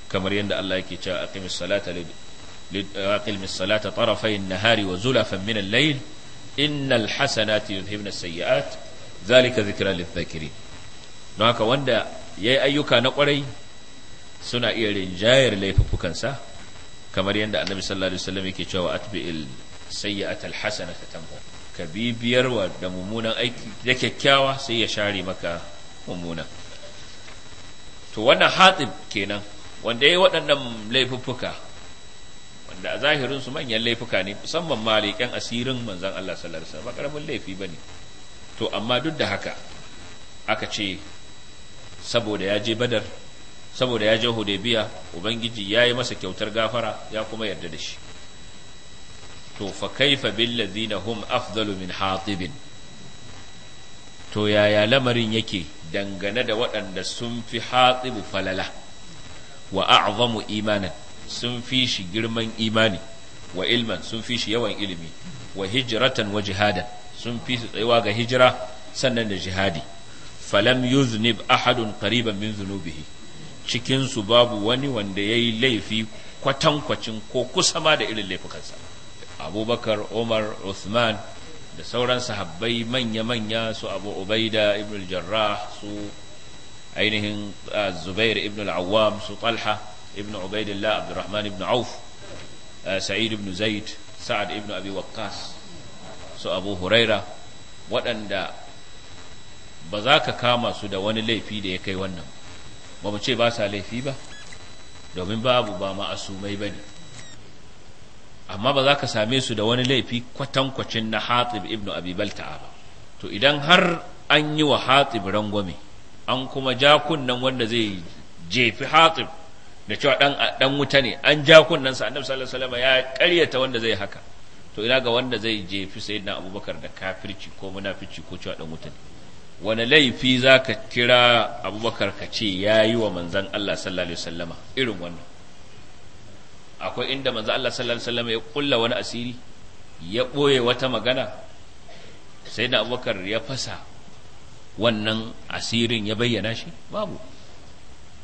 kamar yadda Allah yake cewa aqimis salata aqimis salata tarafay an-nahari wa zulafan min al-layl innal hasanati yuzhibna sayyi'at zalika zikira lidh-dhakirin don haka wanda yayi ayyuka na kwarai suna iya rinjayar laifukansa kamar yadda annabi sallallahu alaihi wasallam yake cewa atbi'il sayyi'atal hasanata tamhu ka wa da mummunan aiki da kyakkyawa sai ya share maka mummuna to wannan hatib kenan wanda yayi waɗannan laifuffuka wanda a zahirin su manyan laifuka ne musamman malikan asirin manzon Allah sallallahu alaihi wasallam ba karamin laifi bane to amma duk da haka aka ce saboda ya je badar saboda ya je hudaybiya ubangiji ya yi masa kyautar gafara ya kuma yarda da shi to fa kaifa billazina hum afdalu min hatibin to yaya lamarin yake dangane da waɗanda sun fi hatibu falala wa a'zamu imanan sun fi shi girman imani wa ilman sun fi shi yawan ilimi wa hijratan wa jihadan sun fi tsayuwa ga hijira sannan da jihadi falam yuznib ahadun qariban min zunubihi cikin su babu wani wanda yayi laifi kwatankwacin ko kusa ma da irin laifukansa abubakar umar uthman da sauran sahabbai manya-manya su abu ubaida ibn jarrah su ainihin zubair ibn al-awwam su talha ibn ubaidillah abdurrahman ibn auf sa'id ibn zaid sa'ad ibn abi waqqas su abu huraira waɗanda ba za ka kama su da wani laifi da ya kai wannan ba mu ce ba sa laifi ba domin babu ba ma'asumai ba ne amma ba za ka same su da wani laifi kwatankwacin na hatib Ibn abi ba to idan har an yi wa hatib rangwame an kuma ja kunnan wanda zai jefi hatib da cewa dan wuta ne an ja kunnan sa, annabi sallallahu alaihi wasallam ya karyata wanda zai haka to ina ga wanda zai jefi sayyidina abubakar da kafirci ko munafici ko cewa dan wuta wani laifi za ka kira abubakar ka ce ya yi wa manzan Allah sallallahu alaihi wasallama irin wannan akwai inda manzan Allah sallallahu alaihi wasallama ya kulla wani asiri ya ɓoye wata magana sai na abubakar ya fasa wannan asirin ya bayyana shi babu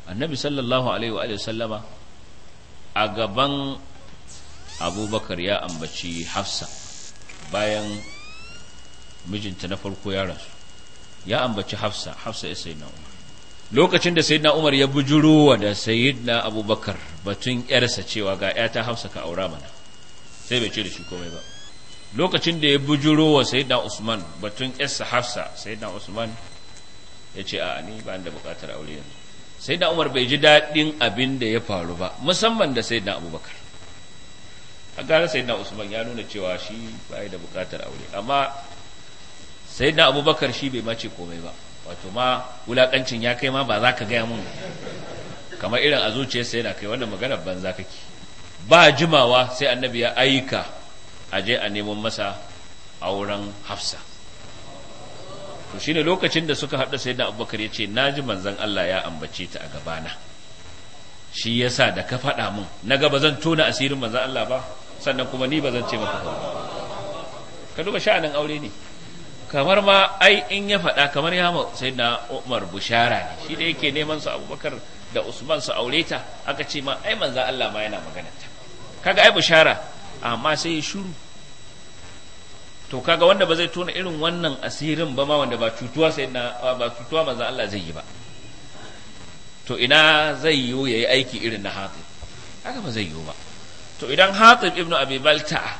annabi sallallahu alaihi wasallama a gaban abubakar ya ambaci hafsa bayan mijinta na farko ya rasu ya ambaci hafsa hafsa ya sayi umar lokacin da sayyidina umar ya bujuro wa da sayyidina abubakar batun yarsa cewa ga ya ta hafsa ka aura mana sai bai ce da shi komai ba lokacin da ya bujuro wa sayyidina usman batun yarsa hafsa sayyidina usman ya ce a ni ba da bukatar aure yanzu sayyidina umar bai ji daɗin abin da ya faru ba musamman da sayyidina abubakar a gara sayyidina usman ya nuna cewa shi bai da bukatar aure amma sayyidina abubakar shi bai mace komai ba wato ma wulakancin ya kai ma ba za ka gaya mun kamar irin a sai na kai wannan maganar banza kake ba jimawa sai annabi ya aika a je a neman masa auren hafsa to shine lokacin da suka haɗa sayyidina abubakar ya ce na ji manzon Allah ya ambace ta a gabana shi yasa da ka faɗa mun na ba zan tona asirin manzon Allah ba sannan kuma ni ba zan ce maka kawai ka duba sha'anin aure ne kamar ma ai in ya faɗa kamar ya ma sai na Umar bushara ne shi da yake neman su Abubakar da Usman su aure ta aka ce ma ai manzon Allah ma yana magana ta kaga ai bushara amma sai ya shuru to kaga wanda ba zai tona irin wannan asirin ba ma wanda ba cutuwa sai na ba cutuwa manzon Allah zai yi ba to ina zai yiwu yi aiki irin na hatib haka ba zai yiwu ba to idan hatib ibnu abi balta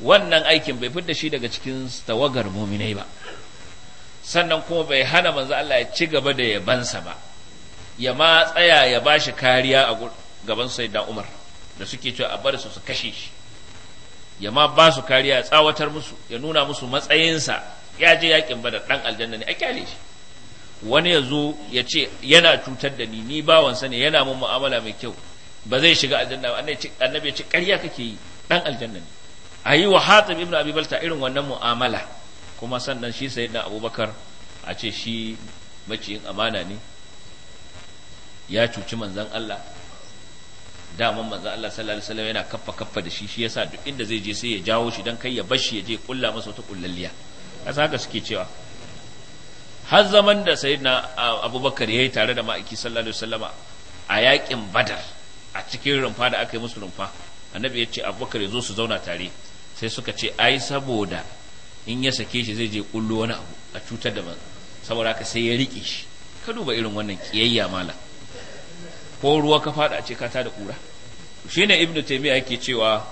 wannan aikin bai fidda shi daga cikin tawagar muminai ba sannan kuma bai hana manzo Allah ya ci gaba da yabansa ba ya ma tsaya ya bashi kariya a gaban sayyidina Umar da suke cewa a bar su su kashe shi ya ma ba su kariya ya tsawatar musu ya nuna musu matsayinsa ya je yakin da ɗan aljanna ne a kyale shi wani ya zo ya ce yana cutar da ni ni bawansa ne yana mun mu'amala mai kyau ba zai shiga aljanna ba annabi ya ce ƙarya kake yi dan aljanna ne a yi wa hatib ibn abi balta irin wannan mu'amala kuma sannan shi da abubakar a ce shi maciyin amana ne ya cuci manzan Allah daman manzan Allah sallallahu alaihi wasallam yana kaffa kaffa da shi shi yasa duk inda zai je sai ya jawo shi dan kai ya bashi ya je kulla masa wata kullalliya kasa haka suke cewa har zaman da na abubakar ya yi tare da ma'aiki sallallahu alaihi a yakin badar a cikin rumfa da aka yi musu rumfa annabi ya ce abubakar ya zo su zauna tare sai suka ce ai saboda in ya sake shi zai je kullu wani abu a cutar da saboda haka sai ya rike shi ka duba irin wannan kiyayya mala ko ruwa ka fada a ce ka ta da kura shine ibnu taymiya yake cewa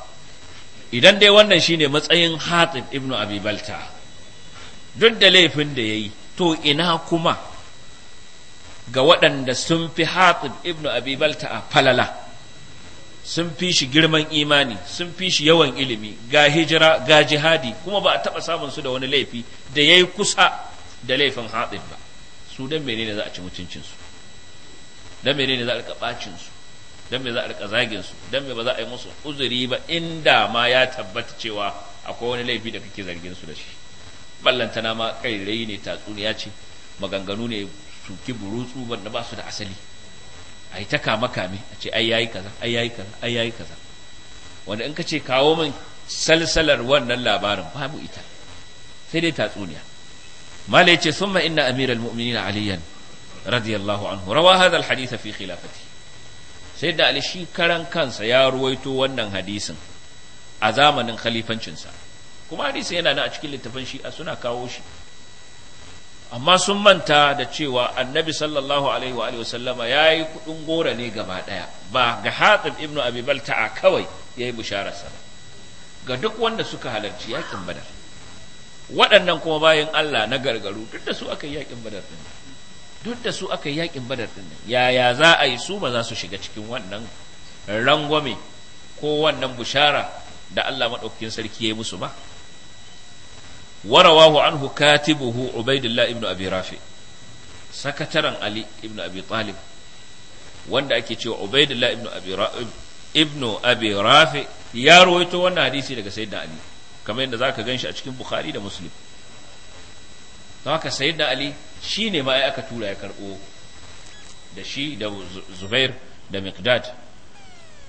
idan dai wannan shine matsayin hatib ibnu Abibalta, duk da laifin da yayi to ina kuma ga waɗanda sun fi hatib ibnu abibalta a falala sun fi shi girman imani sun fi shi yawan ilimi ga hijira ga jihadi kuma ba a taɓa samun su da wani laifi da ya yi kusa da laifin hatib ba su don menene za a ci mutuncinsu don menene za a rika ɓacinsu don me za a rika zaginsu don me ba za a yi musu uzuri ba inda ma ya tabbata cewa akwai wani laifi da kake zargin su da shi ta ma kairai ne tatsuniya ce maganganu ne suki burutsu wanda ba su da asali a yi ta kama kame a ce ai yayi kaza ai yayi kaza ai yayi kaza wanda in ka ce kawo min salsalar wannan labarin babu ita sai dai tatsuniya mala yace summa inna amiral mu'minin aliyan radiyallahu anhu rawa hadha alhadith fi khilafati sai da ali shi karan kansa ya ruwaito wannan hadisin a zamanin khalifancinsa kuma hadisi yana nan a cikin littafin shi'a suna kawo shi amma sun manta da cewa annabi sallallahu alaihi wa sallama ya yi kudin gora ne gaba daya ba ga hatib ibnu abi balta'a kawai ya yi bishararsa ga duk wanda suka halarci yakin badar waɗannan kuma bayan allah na gargaru duk da su aka yi yakin badar din duk da su aka yi yakin badar din yaya za a yi su ba za su shiga cikin wannan rangwame ko wannan bishara da allah maɗaukakin sarki ya yi musu ba warawahu anhu katibuhu ubaidullah ibn abi sakataren ali ibn abi talib wanda ake cewa ubaidullah ibn abi ya rawaito wannan hadisi daga sayyidina ali kamar yadda zaka ganshi a cikin bukhari da muslim don haka sayyidina ali shine ma aka tura ya karbo da shi da zubair da miqdad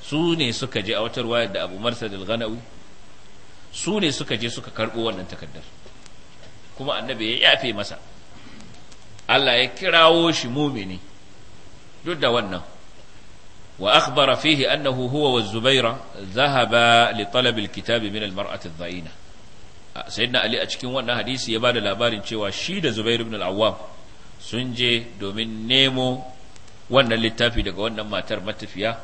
su ne suka je a watar wayar da abu marsad al-ghanawi su ne suka je suka karɓo wannan takardar. kuma annabi ya yafe masa Allah ya kirawo shi mumini duk da wannan wa akhbara fihi annahu huwa wa zubaira zahaba li talab alkitab min almar'at adh-dha'ina sayyidina ali a cikin wannan hadisi ya bada labarin cewa shi da zubair ibn al-awwam sun je domin nemo wannan littafi daga wannan matar matafiya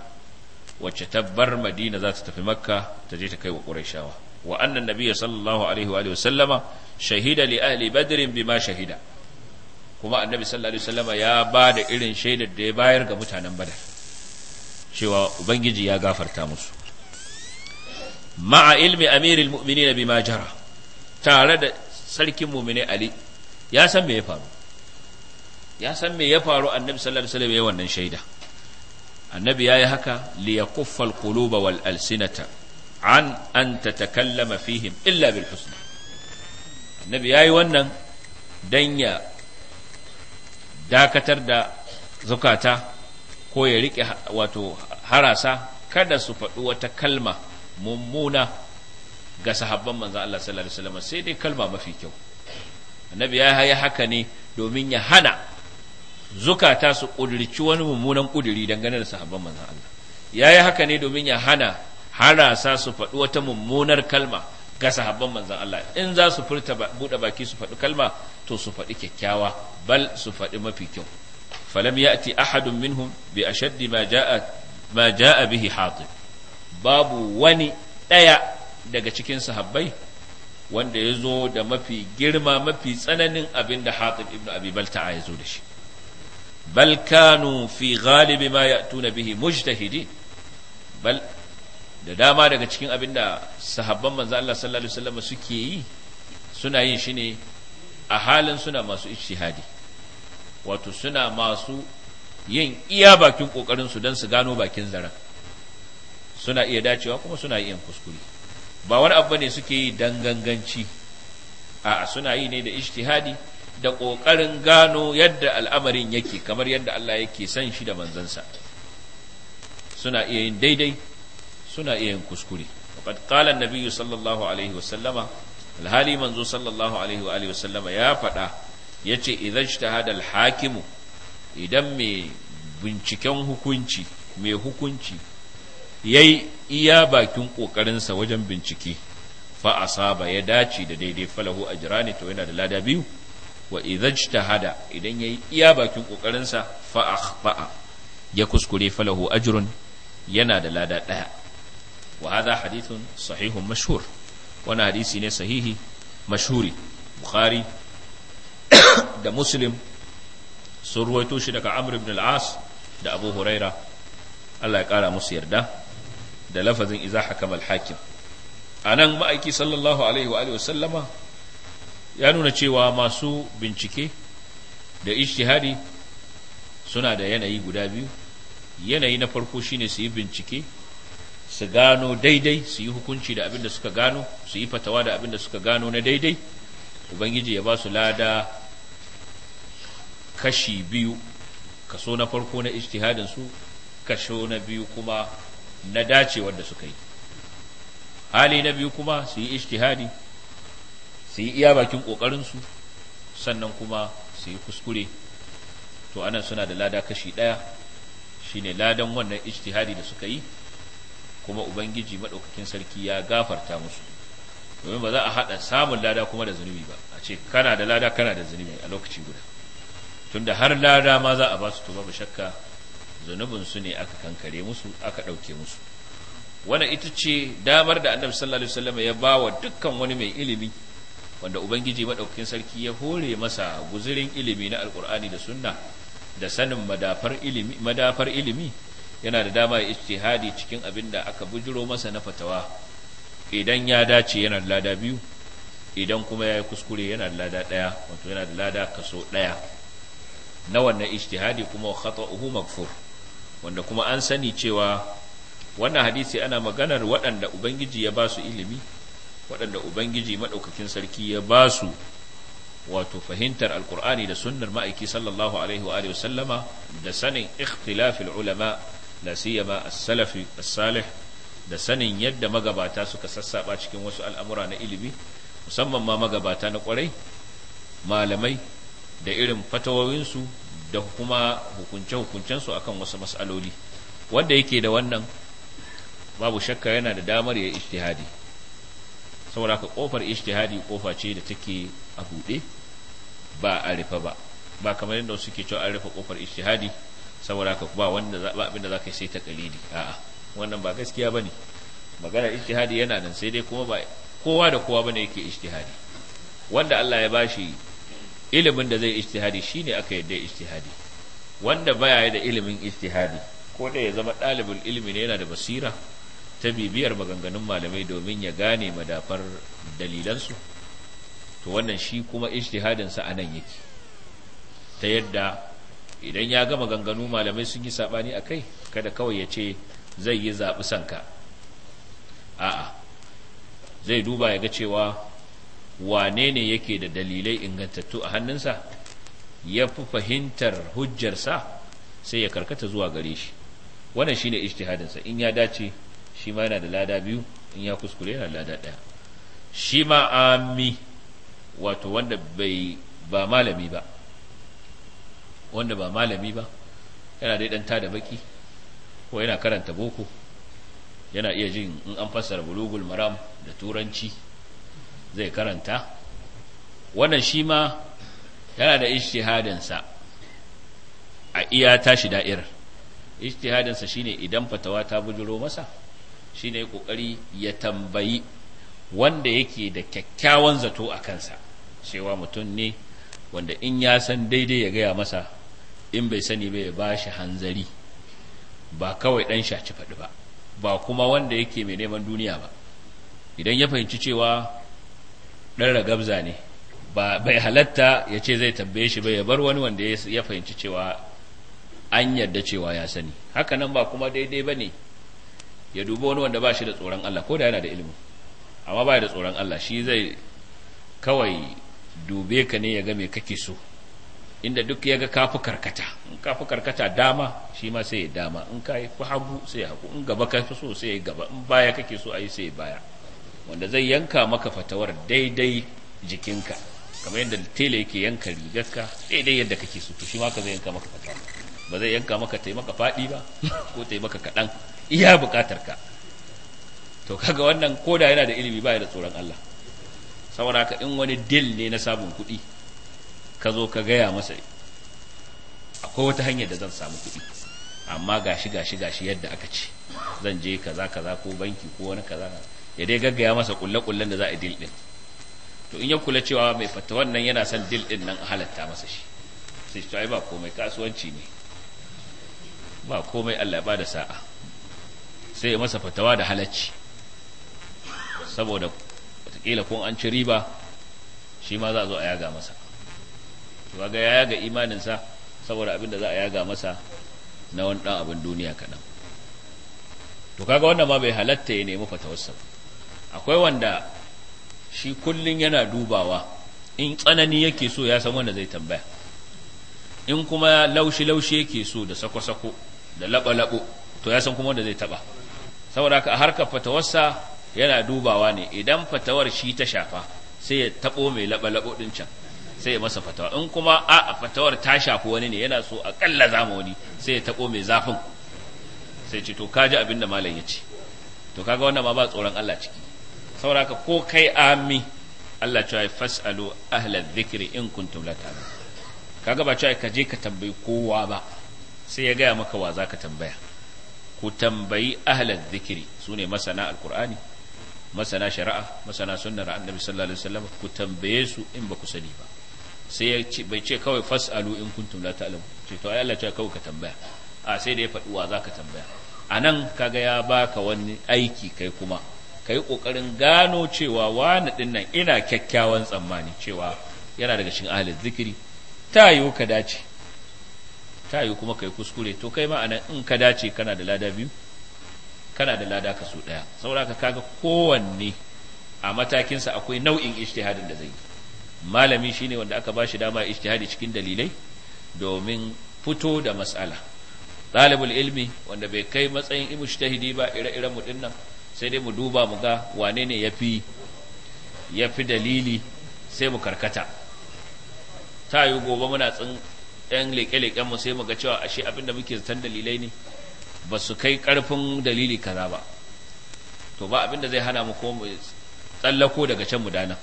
wacce ta bar madina za ta tafi makka ta je ta kai wa ƙurashawa wa annan nabiyya sallallahu alaihi wa sallama shahida li ahli badrin bima shahida kuma annabi sallallahu alaihi wasallama ya ba da irin shaidar da ya bayar ga mutanen badar cewa ubangiji ya gafarta musu ma'a ilmi amiril mu'minin jara tare da sarkin mu'mini ali ya san me ya faru ya san me ya faru annabi sallallahu alaihi wasallam ya wannan shaida annabi haka liya yakuffal kulubawal alsinata an an tatakallama fihim illa bil husna annabi yayi wannan dan ya dakatar da zukata ko ya rike wato harasa kada su faɗi wata kalma mummuna ga sahabban manzon Allah sallallahu alaihi wasallam sai dai kalma mafi kyau annabi ya yi haka ne domin ya hana zukata su ƙudurci wani mummunan ƙuduri dangane da sahabban manzon Allah ya yi haka ne domin ya hana hana sa su faɗi wata mummunar kalma ga sahabban manzan Allah in za su furta buɗe baki su faɗi kalma to su faɗi kyakkyawa bal su faɗi mafi kyau falam ya'ti ahadun minhum bi ashaddi ma ja'a ma ja'a bihi hatib babu wani ɗaya daga cikin sahabbai wanda ya zo da mafi girma mafi tsananin abin da hatib abibalta abi balta'a ya zo da shi bal kanu fi ghalibi ma ya'tuna bihi mujtahidi bal da dama daga cikin abin da sahabban manzo Allah sallallahu alaihi wasallam suke yi suna yin shi ne a halin suna masu ijtihadi wato suna masu yin iya bakin kokarin su dan su gano bakin zara suna iya dacewa kuma suna iya kuskure ba wani abu ne suke yi dan ganganci a suna yi ne da ijtihadi da kokarin gano yadda al'amarin yake kamar yadda Allah yake san shi da manzansa suna iya yin daidai suna iya yin kuskure faqad qala an-nabiyyu sallallahu alaihi wasallama alhali manzo sallallahu alaihi wa wasallama ya faɗa yace idan ijtahada al-hakimu idan mai binciken hukunci mai hukunci yayi iya bakin ƙoƙarinsa wajen bincike fa asaba ya dace da daidai falahu ajrani to yana da lada biyu wa idza ijtahada idan yayi iya bakin ƙoƙarinsa fa akhta'a ya kuskure falahu ajrun yana da lada daya wa hadha hadithun sahihun mashhur wannan hadisi ne sahihi mashhuri bukhari da muslim sun ruwaito shi daga amr ibn al da abu huraira Allah ya kara musu yarda da lafazin iza hakama al-hakim anan ma'aiki sallallahu alaihi wa sallama ya nuna cewa masu bincike da ijtihadi suna da yanayi guda biyu yanayi na farko shine su yi bincike su gano daidai su yi hukunci da abin da suka gano su yi fatawa da abin da suka gano na daidai ubangiji ya ba su lada kashi biyu kaso na farko na ijtihadin su kaso na biyu kuma na dacewar da suka yi hali na biyu kuma su yi ijtihadi su yi iya bakin ƙoƙarinsu sannan kuma su yi kuskure to anan suna da lada kashi ɗaya shine ladan wannan ijtihadi da suka yi kuma ubangiji maɗaukakin sarki ya gafarta musu domin ba za a haɗa samun lada kuma da zunubi ba a ce kana da lada kana da zunubi a lokaci guda tunda har lada ma za a ba su to babu shakka zunubin su ne aka kankare musu aka ɗauke musu wannan ita ce damar da annabi sallallahu alaihi wasallam ya ba wa dukkan wani mai ilimi wanda ubangiji maɗaukakin sarki ya hore masa guzurin ilimi na alkur'ani da sunna da sanin madafar ilimi madafar ilimi yana da dama ya ijtihadi cikin abin da aka bujiro masa na fatawa idan ya dace yana da lada biyu idan kuma ya yi kuskure yana da lada ɗaya wato yana da lada kaso ɗaya na wannan ijtihadi kuma khata'uhu maghfur wanda kuma an sani cewa wannan hadisi ana maganar waɗanda ubangiji ya ba su ilimi waɗanda ubangiji maɗaukakin sarki ya ba su wato fahimtar alkur'ani da sunnar ma'aiki sallallahu alaihi wa sallama da sanin ikhtilafil ulama la siyama as-salafi as-salih da sanin yadda magabata suka sassaba cikin wasu al'amura na ilimi musamman ma magabata na kwarai malamai da irin su da kuma hukunce-hukuncensu akan wasu mas'aloli wanda yake da wannan babu shakka yana da damar ya ijtihadi saboda ka kofar ijtihadi kofa ce da take a buɗe ba a rufe ba ba kamar yadda suke cewa an rufe kofar ijtihadi saboda haka ba wanda ba abinda zaka sai ta kalidi a'a wannan ba gaskiya bane magana ijtihadi yana nan sai dai kuma ba kowa da kowa bane yake ijtihadi wanda Allah ya bashi ilimin da zai ijtihadi shine aka yadda ijtihadi wanda baya da ilimin ijtihadi ko da ya zama ɗalibin ilimi ne yana da basira ta bibiyar maganganun malamai domin ya gane madafar dalilansu to wannan shi kuma ijtihadinsa a nan yake ta yadda idan ya gama ganganu malamai sun yi sabani kai, kada kawai ya ce zai yi zaɓi sanka a'a zai duba ya ga cewa wane ne yake da dalilai ingantattu a hannunsa ya fi fahimtar hujjarsa sai ya karkata zuwa gare shi wannan shine ijtihadinsa in ya dace shi ma yana da lada biyu in ya kuskure yana da lada ɗaya shi ma ami wato wanda bai ba malami ba wanda ba malami ba yana dai dan da baki ko yana karanta boko yana iya jin in an fassara bulugul maram da turanci zai karanta wannan shi ma yana da ishtihadinsa a iya tashi da'ir ijtihadinsa shine idan fatawa ta bujuro masa shine ƙoƙari kokari ya tambayi wanda yake da kyakkyawan zato a kansa cewa mutum ne wanda in ya san daidai ya gaya masa in bai sani bai ya ba shi hanzari ba kawai ɗan shaci faɗi ba ba kuma wanda yake mai neman duniya ba idan ya fahimci cewa ɗan ragabza ne ba bai halatta ya ce zai tambaye shi ba ya bar wani wanda ya fahimci cewa an yarda cewa ya sani nan ba kuma daidai ba ne ya dubi wani wanda ba shi da tsoron Allah ko da yana da ilimi amma ba da tsoron Allah shi zai kawai dube ka ne ya ga me kake so inda duk ya ga kafi karkata in kafi karkata dama shi ma sai ya dama in ka yi fi hagu sai ya hagu in gaba ka fi so sai ya gaba in baya kake so a yi sai ya baya wanda zai yanka maka fatawar daidai jikinka kamar yadda tele yake yanka rigarka daidai yadda kake so to shi ma ka zai yanka maka fatawar ba zai yanka maka ta maka faɗi ba ko ta maka kaɗan iya buƙatar ka to kaga wannan koda yana da ilimi baya da tsoron Allah saboda haka in wani dil ne na sabon kuɗi ka zo ka gaya masa akwai wata hanyar da zan samu kuɗi amma gashi gashi gashi yadda aka ce zan je kaza kaza ko banki ko wani kaza ya dai gaggaya masa kulle kullen da za a dil din to in ya kula cewa mai fata wannan yana son dil din nan halatta masa shi sai to ai ba komai kasuwanci ne ba komai Allah ya bada sa'a sai ya masa fatawa da halacci saboda watakila kun an ci riba shi ma za a zo a yaga masa to ga ya yaga imaninsa saboda abin da za a yaga masa na wani dan abin duniya kaɗan to kaga wannan ma bai halatta ya nemi fatawarsa akwai wanda shi kullun yana dubawa in tsanani yake so ya san wanda zai tambaya in kuma laushi laushi yake so da sako sako da labo labo to ya san kuma wanda zai taba saboda haka harkar fatawarsa yana dubawa ne idan fatawar shi ta shafa sai ya taɓo mai labo labo din can sai ya masa fatawa in kuma a fatawar ta shafi wani ne yana so akalla zama wani sai ya tabo mai zafin sai ce to kaji abin da malam ya ce to kaga wannan ma ba tsoron Allah ciki sauraka ko kai ami Allah cewa fasalu ahla dhikri in kuntum la ta'lamun kaga ba cewa ka je ka tambayi kowa ba sai ya gaya maka wa za ka tambaya ku tambayi ahla dhikri sune masana alqur'ani masana shari'a masana sunnar annabi sallallahu alaihi wasallam ku tambaye su in ba ku sani ba sai ya ce bai ce kawai fasalu in kuntum la ta'lamu ce to ai Allah ce kawai ka tambaya a sai da ya faɗi wa zaka tambaya anan kaga ya baka wani aiki kai kuma kai kokarin gano cewa wani din nan ina kyakkyawan tsammani cewa yana daga cikin ahli zikiri ta yiwu ka dace ta yiwu kuma kai kuskure to kai ma anan in ka dace kana da lada biyu kana da lada kaso daya saboda ka kaga kowanne a matakinsa akwai nau'in ijtihadin da zai yi malami shine wanda aka bashi dama ijtihadi cikin dalilai domin fito da mas'ala talibul ilmi wanda bai kai matsayin imujtahidi ba ire-iren mu dinnan sai dai mu duba mu ga wane ne yafi yafi dalili sai mu karkata ta yi gobe muna tsin ɗan leƙe-leƙen mu sai mu ga cewa ashe abin da muke zaton dalilai ne ba su kai ƙarfin dalili kaza ba to ba abin da zai hana mu ko mu tsallako daga can mu dana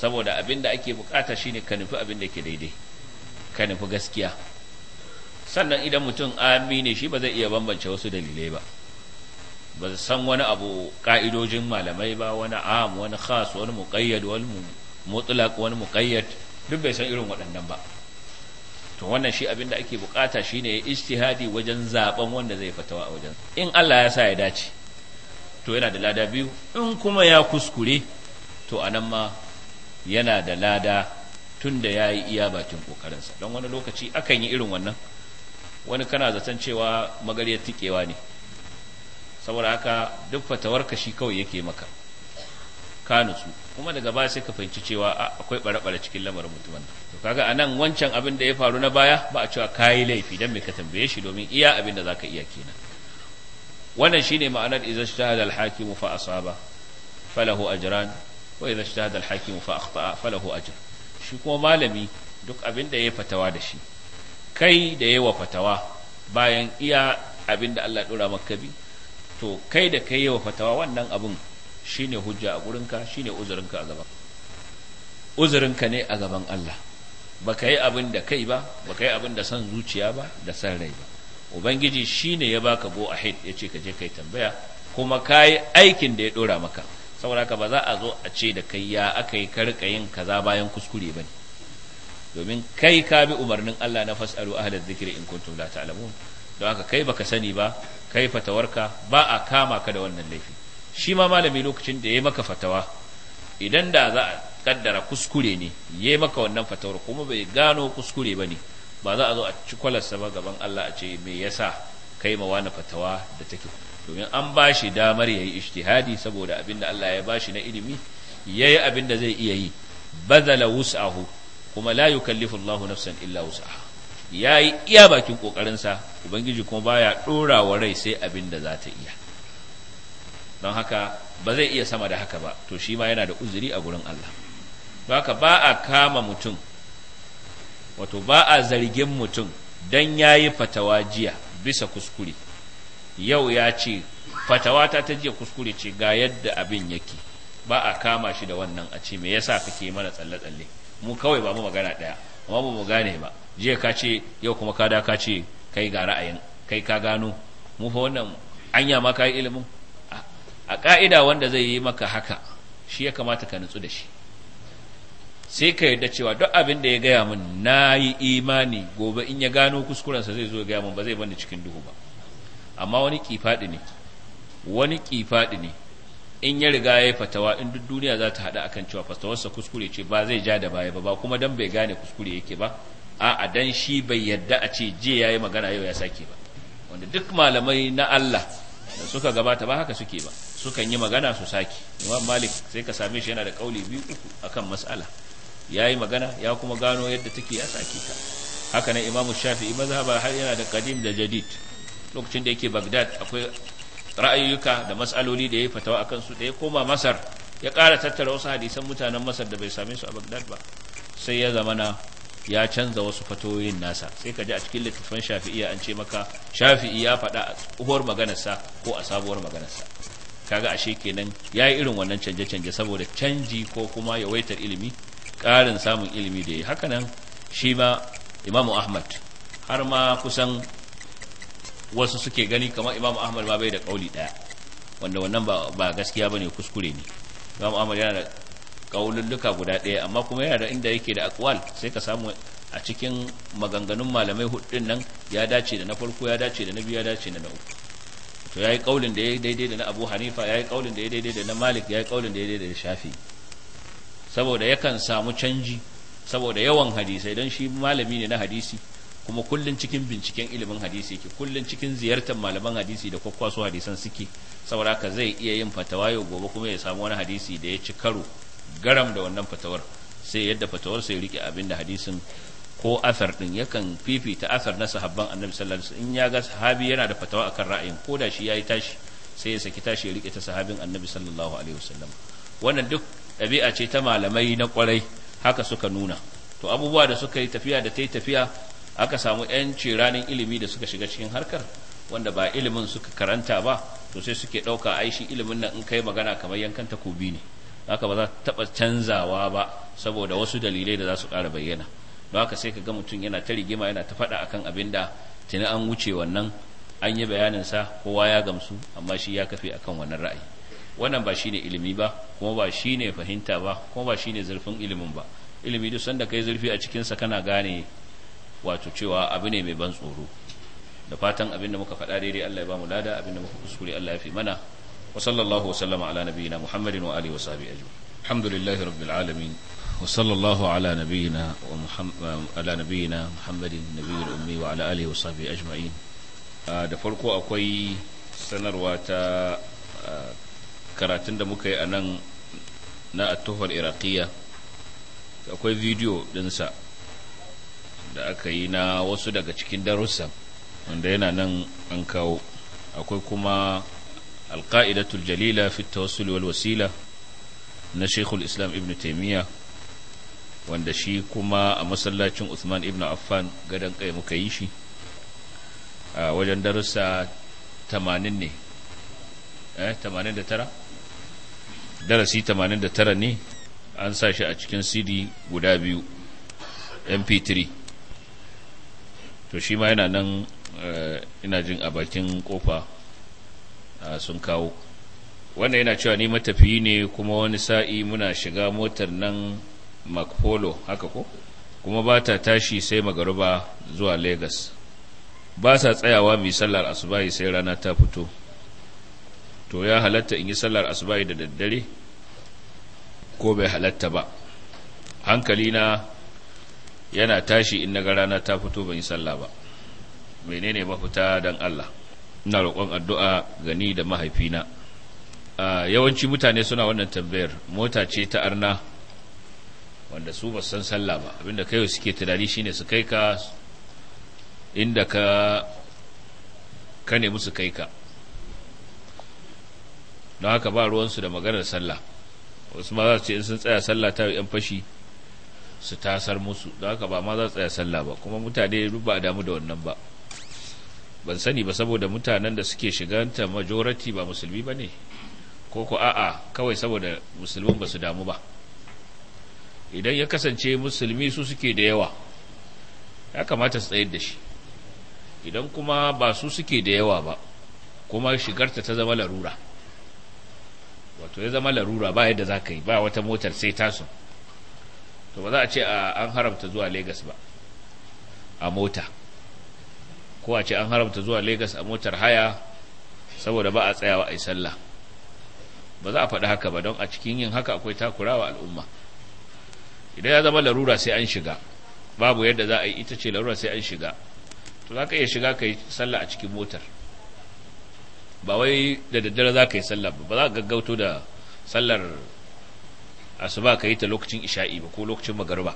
saboda abin da ake bukata shine ka nufi abin da ke daidai ka nufi gaskiya sannan idan mutum amini shi ba zai iya bambance wasu dalilai ba ba san wani abu ka'idojin malamai ba wani am wani khas wani muqayyad wani mutlaq wani muqayyad duk bai san irin waɗannan ba to wannan shi abin da ake bukata shine ya ijtihadi wajen zaben wanda zai fatawa a wajen in Allah ya sa ya dace to yana da lada biyu in kuma ya kuskure to anan ma yana da lada tun da ya yi iya bakin kokarinsa don wani lokaci akan yi irin wannan wani kana zaton cewa magariyar tikewa ne saboda haka duk fatawarka shi kawai yake maka ka nutsu kuma daga baya sai ka fahimci cewa akwai bare-bare cikin lamarin mutumin to kaga anan wancan abin da ya faru na baya ba a cewa kayi laifi dan me ka tambaye shi domin iya abin da zaka iya kenan wannan shine ma'anar idza shahada al-hakim fa asaba falahu ajran wa idza ijtahada al-hakim fa akhta'a falahu ajr shi kuma malami duk abin da yayi fatawa da shi kai da yayi wa fatawa bayan iya abin da Allah dora maka bi to kai da kai yayi wa fatawa wannan abin shine hujja a gurinka shine uzurinka a gaban uzurinka ne a gaban Allah baka yi abin da kai ba baka yi abin da san zuciya ba da san rai ba ubangiji shine ya baka go ahead yace ka je kai tambaya kuma kai aikin da ya dora maka saboda ka ba za a zo a ce da kai ya aka yi karka yin kaza bayan kuskure ne domin kai ka bi umarnin Allah na fasalu ahla zikri in kuntum la ta'lamun don haka kai baka sani ba kai fatawarka ba a kama ka da wannan laifi shi ma malami lokacin da ya maka fatawa idan da za a kaddara kuskure ne yayi maka wannan fatawar kuma bai gano kuskure ba ne ba za a zo a ci ba gaban Allah a ce me yasa kai ma wani fatawa da take domin an ba shi damar ya yi ishtihadi saboda abin da Allah ya ba shi na ilimi ya yi abin da zai iya yi bazala wus'ahu kuma la yukallifu Allahu nafsan illa wus'aha ya yi iya bakin kokarinsa ubangiji kuma baya dora wa rai sai abin da za ta iya don haka ba zai iya sama da haka ba to shi ma yana da uzuri a gurin Allah don haka ba a kama mutum wato ba a zargin mutum don ya yi fatawa jiya bisa kuskure yau ya ce fatawata ta jiya kuskure ce ga yadda abin yake ba a kama shi da wannan a ce me yasa kake mana tsalle-tsalle mu kawai ba mu magana ɗaya amma ba mu gane ba jiya ka ce yau kuma ka da ka ce kai ga ra'ayin kai ka gano mu fa wannan anya ma ka ilimin a ka'ida wanda zai yi maka haka shi ya kamata ka nutsu da shi sai ka yarda cewa duk abin da ya gaya mun na yi imani gobe in ya gano kuskurensa zai zo ya gaya mun ba zai bani cikin duhu ba amma wani kifaɗi ne wani kifaɗi ne in ya riga ya yi fatawa in duk duniya za ta haɗa akan cewa fatawarsa kuskure ce ba zai ja da baya ba ba kuma dan bai gane kuskure yake ba a'a dan shi bai yadda a ce je yi magana yau ya sake ba wanda duk malamai na Allah da suka gabata ba haka suke ba sukan yi magana su sake imam malik sai ka same shi yana da kauli biyu uku akan mas'ala ya yi magana ya kuma gano yadda take ya sake ta haka nan imam shafi'i mazhaba har yana da qadim da jadid lokacin da yake bagdad akwai ra'ayoyuka da matsaloli da ya yi fatawa akan su da ya koma masar ya ƙara tattara wasu hadisan mutanen masar da bai same su a bagdad ba sai ya zamana ya canza wasu fatoyin nasa sai ka ji a cikin littattafan shafi'iya an ce maka shafi'i ya faɗa a tsohuwar maganarsa ko a sabuwar maganarsa kaga ashe kenan ya yi irin wannan canje-canje saboda canji ko kuma yawaitar ilimi ƙarin samun ilimi da ya haka nan shi ma imamu ahmad har ma kusan wasu suke gani kamar Imam ahmad ba bai da kauli daya wanda wannan ba gaskiya ba ne kuskure ne imamu ahmad yana da kaululluka guda ɗaya amma kuma yana da inda yake da akwal sai ka samu a cikin maganganun malamai hudun nan ya dace da na farko ya dace da na biyu ya dace da na uku to yayi kaulin da yayi daidai da na Abu Hanifa yi kaulin da yayi daidai da na Malik yayi kaulin da yayi daidai da Shafi saboda yakan samu canji saboda yawan hadisai don shi malami ne na hadisi kuma kullun cikin binciken ilimin hadisi yake kullun cikin ziyartar malaman hadisi da kwakwaso hadisan suke saboda haka zai iya yin fatawa yau gobe kuma ya samu wani hadisi da ya ci karo garam da wannan fatawar sai yadda fatawar sai rike abin da hadisin ko asar din yakan fifita asar na sahabban annabi sallallahu alaihi wasallam in ya ga sahabi yana da fatawa akan ra'ayin ko da shi yayi tashi sai ya saki tashi ya rike ta sahabin annabi sallallahu alaihi wasallam wannan duk ɗabi'a ce ta malamai na kwarai haka suka nuna to abubuwa da suka yi tafiya da ta yi tafiya aka samu 'yanci ranar ilimi da suka shiga cikin harkar wanda ba ilimin suka karanta ba to sai suke ɗauka ai shi ilimin nan in kai magana kamar yankan takobi ne haka ba za ta taɓa canzawa ba saboda wasu dalilai da za su ƙara bayyana don haka sai ka ga mutum yana ta rigima yana ta faɗa akan abin da tuni an wuce wannan an yi bayaninsa kowa ya gamsu amma shi ya kafe akan wannan ra'ayi wannan ba shine ilimi ba kuma ba shine fahimta ba kuma ba shine zurfin ilimin ba ilimi duk sanda kai zurfi a cikinsa kana gane wato cewa abu ne mai ban tsoro da fatan abin da muka faɗa daidai Allah ya ba mu lada abin da muka kuskure Allah ya fi mana wa sallallahu wa sallama ala nabiyyina Muhammadin wa alihi wa sahbihi ajma'in alhamdulillahi rabbil alamin wa sallallahu ala nabiyyina wa ala nabiyyina Muhammadin nabiyil ummi wa ala alihi wa sahbihi ajma'in ah, da farko akwai sanarwa ta ah, karatun da muka yi a nan na at-tuhfar iraqiyya akwai bidiyo dinsa da aka yi na wasu daga cikin darussan wanda yana nan an kawo akwai kuma alka'idatul jalila fi tawassul wal wasila na shekul islam ibn taimiyya wanda shi kuma a masallacin Uthman ibn Affan gadon kai muka yi shi a wajen darussa 80 ne eh 89 darasi 89 ne an sa shi a cikin CD guda biyu MP3 to shi ma yana nan eh, ina jin a bakin kofa sun kawo wannan yana cewa ni matafiyi ne kuma wani sa'i muna shiga motar nan macpolo haka ko kuma ba ta tashi sai magaruba zuwa lagos ba sa tsayawa mai sallar asubahi sai rana ta fito to ya halatta in yi sallar asubahi da daddare ko bai halatta ba hankalina yana tashi in naga rana ta fito ban yi sallah ba menene mafita dan Allah ina roƙon addu'a gani da mahaifina yawanci mutane suna wannan tambayar mota ce ta arna wanda su ba san sallah ba abinda kai suke tunani shine su kai ka inda ka ka nemi kai ka don haka ba ruwansu da maganar sallah wasu ma za su ce in sun tsaya sallah ta yan fashi su tasar musu da haka ba ma za su tsaya sallah ba kuma mutane ba damu da wannan ba ban sani ba saboda mutanen da suke shiganta majority ba musulmi ba ne ko ku, a'a kawai saboda musulmin ba su damu ba idan ya kasance musulmi su suke da yawa ya kamata su tsayar da shi idan kuma ba su suke da yawa ba kuma shigarta ta zama larura wato ya zama larura ba yadda za ka yi ba wata motar sai tasu to ba za a ce an haramta zuwa Legas ba a mota ko a ce an haramta zuwa Legas a motar haya saboda ba a tsayawa a yi sallah ba za a faɗi haka ba don a cikin yin haka akwai takurawa al'umma idan ya zama larura sai an shiga babu yadda za a yi ita ce larura sai an shiga to za ka iya shiga ka yi sallah a cikin motar ba wai da daddare za ka yi sallah ba ba za ka gaggauto da sallar asuba ka yi ta lokacin isha'i ba ko lokacin magarba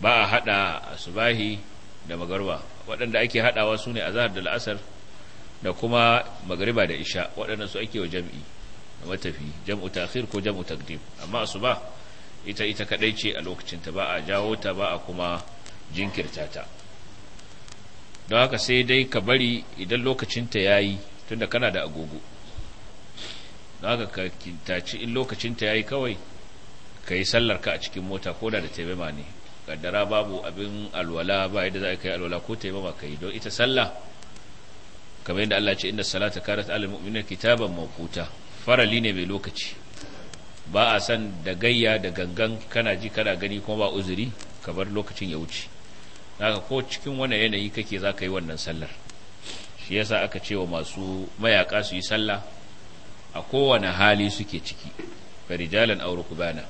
ba a hada asubahi da magarba waɗanda ake haɗawa su ne zahar da la'asar da kuma magariba da isha waɗanda su ake wa jam'i da matafi jam'u ta'khir ko jam'u taqdim amma asuba ita ita kaɗai ce a lokacin ta ba a jawo ta ba a kuma jinkirta ta don haka sai dai ka bari idan lokacin ta yayi tunda kana da agogo haka ka kitaci in lokacin ta yayi kawai ka yi sallar ka a cikin mota ko da da taimama ne kaddara babu abin alwala ba yadda za ka yi alwala ko taimama ka yi don ita sallah kamar yadda Allah ce inda salata kanat alal mu'minina kitaban mawquta farali ne mai lokaci ba a san da gayya da gangan kana ji kana gani kuma ba uzuri ka bar lokacin ya wuce haka ko cikin wani yanayi kake za ka yi wannan sallar shi yasa aka ce wa masu mayaka su yi sallah a kowane hali suke ciki farijalan aw kubana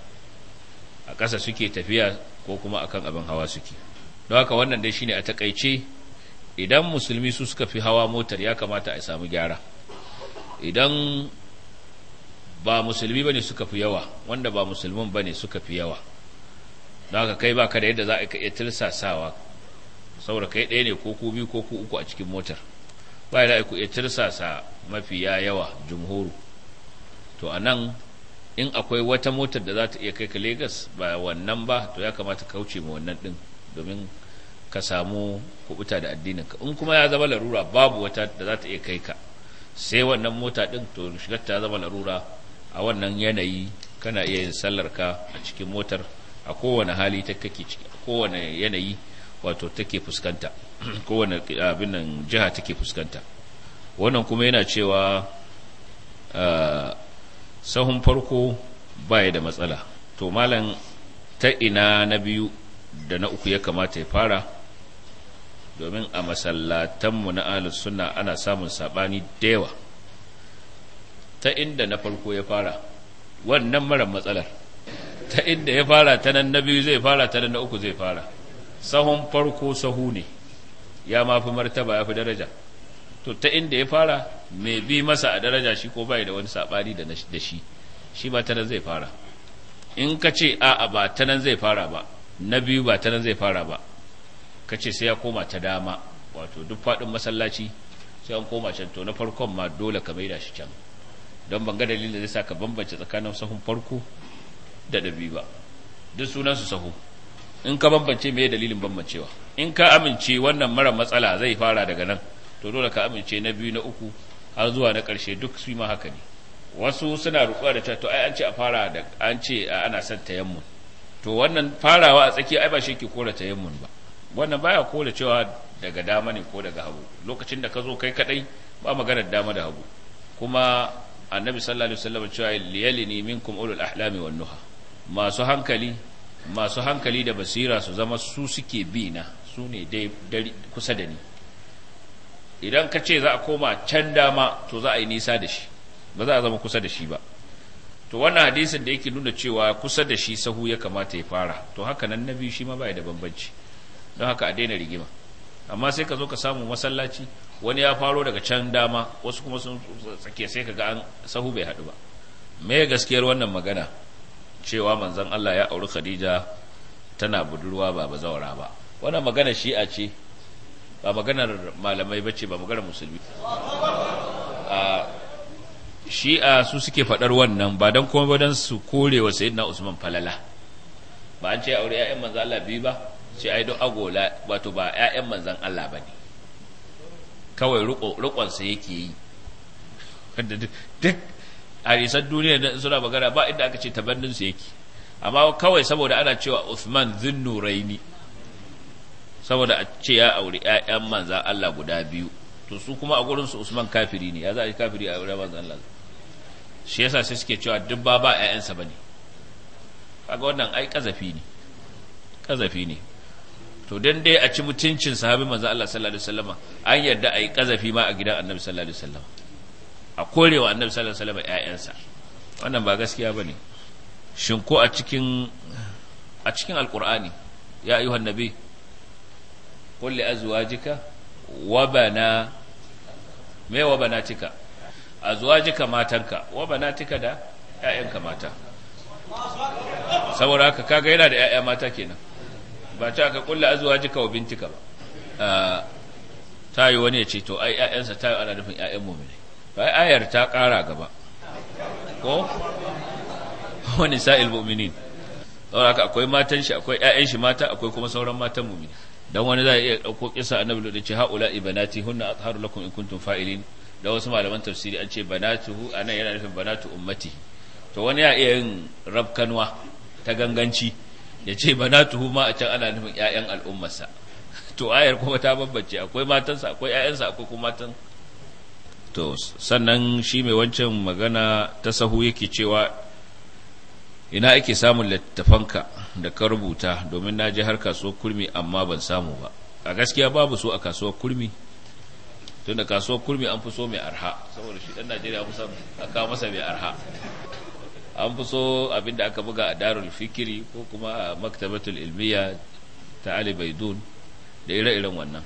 a ƙasa suke tafiya ko kuma kan abin hawa suke don haka wannan dai shine a takaice idan musulmi su suka fi hawa motar ya kamata a samu gyara idan ba musulmi bane suka fi yawa wanda ba musulmin bane suka fi yawa don haka kai baka da yadda za ka iya tirsasawa. saboda kai ɗaya ne ko ku biyu ko ku uku a cikin motar ba da ku iya tirsasa mafiya yawa jumhuru to a nan in akwai wata motar da za ta iya kai ka Legas ba wannan ba to ya kamata ka wuce ma wannan din domin ka samu kubuta da addinin ka in kuma ya zama larura babu wata da za ta iya kai ka sai wannan mota din to shigar ta zama larura a wannan yanayi kana iya yin sallar ka a cikin motar a kowane hali ta kake ciki a kowane yanayi wato take fuskanta kowane abin nan jiha take fuskanta wannan kuma yana cewa ah, sahun farko baya da matsala to malam ta ina na biyu da na uku ya kamata ya fara domin a masallatanmu na ahlus sunna ana samun sabani da yawa ta inda na farko ya fara wannan mara matsalar ta inda ya fara ta nan na biyu zai fara ta nan na uku zai fara sahun farko sahu ne ya mafi martaba ya fi daraja to ta inda ya fara mai bi masa a daraja shi ko bai da wani sabari da shi shi ba ta nan zai fara in ka ce a'a ba ta nan zai fara ba na biyu ba ta nan zai fara ba ka ce sai ya koma ta dama wato duk faɗin masallaci sai an koma can to na farkon ma dole ka maida shi can don ban ga dalilin da zai sa ka bambance tsakanin sahun farko da na biyu ba duk sunan su sahu in ka bambance me dalilin bambancewa in ka amince wannan mara matsala zai fara daga nan to dole ka amince na biyu na uku har zuwa na ƙarshe duk su ma haka ne wasu suna rukuwa da to ai an ce a fara da an ce ana son tayammun to wannan farawa a tsakiya ai ba shi ke kora tayammun ba wannan baya kora cewa daga dama ne ko daga hagu lokacin da ka zo kai kadai ba maganar dama da hagu kuma annabi sallallahu alaihi wasallam cewa ni minkum ulul ahlami wan nuha masu hankali masu hankali da basira su zama su suke bi na su ne dai kusa da ni idan ka ce za a koma can dama to za a yi nisa da shi ba za a zama kusa da shi ba to wannan hadisin da yake nuna cewa kusa da shi sahu ya kamata ya fara to haka nan na biyu shi ma bai da bambanci don haka a daina rigima amma sai ka zo ka samu masallaci wani ya faro daga can dama wasu kuma sun tsake sai ka ga an sahu bai haɗu ba me gaskiyar wannan magana cewa manzon Allah ya auri Khadija tana budurwa ba bazawara ba wannan magana shi'a ce ba maganar malamai bace ba maganar musulmi shi'a su suke faɗar wannan ba don kuma don su kore wa sayyidina usman falala ba an ce aure 'ya'yan manzan Allah biyu ba ce ai don agola wato ba 'ya'yan manzan Allah ba ne kawai rukonsa yake yi duk risar duniya da suna magana ba inda aka ce su yake amma kawai saboda ana cewa usman zin nuraini saboda a ce ya auri ƴaƴan manzan Allah guda biyu to su kuma a gurin su Usman kafiri ne ya za a yi kafiri a aure manzan Allah shi yasa sai suke cewa duk ba ba ƴaƴansa bane kaga wannan ai kazafi ne kazafi ne to dan dai a ci mutuncin sahabi manzan Allah sallallahu alaihi wasallam an yarda ai kazafi ma a gidan Annabi sallallahu alaihi wasallam a korewa Annabi sallallahu alaihi wasallam ƴaƴansa wannan ba gaskiya bane shin ko a cikin a cikin alqur'ani ya ayyuhan nabi qul li azwajika wa bana me wa banatika azwajika matanka wa banatika da ƴaƴanka mata saboda haka kaga yana da 'ya'ya mata kenan ba ta ka qul li azwajika wa bintika ba ta yi wani ya ce to ai ‘ya'yansa ta yi ana nufin ‘ya'yan mummune ba ayar ta ƙara gaba ko wani sa'il mummuni saboda akwai matan shi akwai ‘ya'yan shi mata akwai kuma sauran matan mummune dan wani za iya dauko kisa annabi da ce haula ibanati hunna atharu lakum in kuntum fa'ilin da wasu malaman tafsiri an ce banatuhu anan yana nufin banatu ummati to wani ya iya yin rabkanwa ta ganganci ya ce banatuhu ma a can ana nufin ƴaƴan al'ummarsa to ayar kuma ta babbace akwai matansa akwai ƴaƴansa akwai kuma matan to sannan shi mai wancan magana ta sahu yake cewa ina ake samun littafanka da ka rubuta domin na ji har kasuwar kurmi amma ban samu ba a gaskiya babu so a kasuwar kurmi tun da kasuwar kurmi an fi so mai arha saboda shi dan najeriya kusa a kawo masa mai arha an fi so abinda aka buga a darul fikiri ko kuma a maktabatul ilmiya ta ali baidun da ire-iren wannan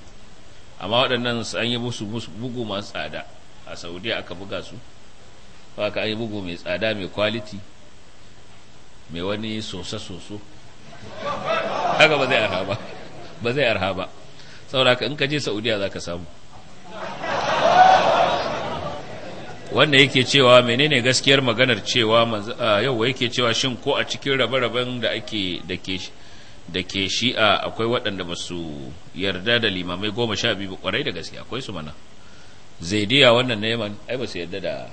amma waɗannan an yi musu bugu masu tsada a saudiya aka buga su ba ka an yi bugu mai tsada mai kwaliti mai wani sosa-soso haka ba zai arha ba ba zai arha ba sauraka in ka je saudiya za ka samu wanda yake cewa menene gaskiyar maganar cewa yau yake cewa shin ko a cikin rabe-raben da ake da ke shi'a akwai waɗanda ba su yarda da limamai goma sha biyu kwarai da gaske akwai su mana zaidiya wannan neman ai ba su yarda da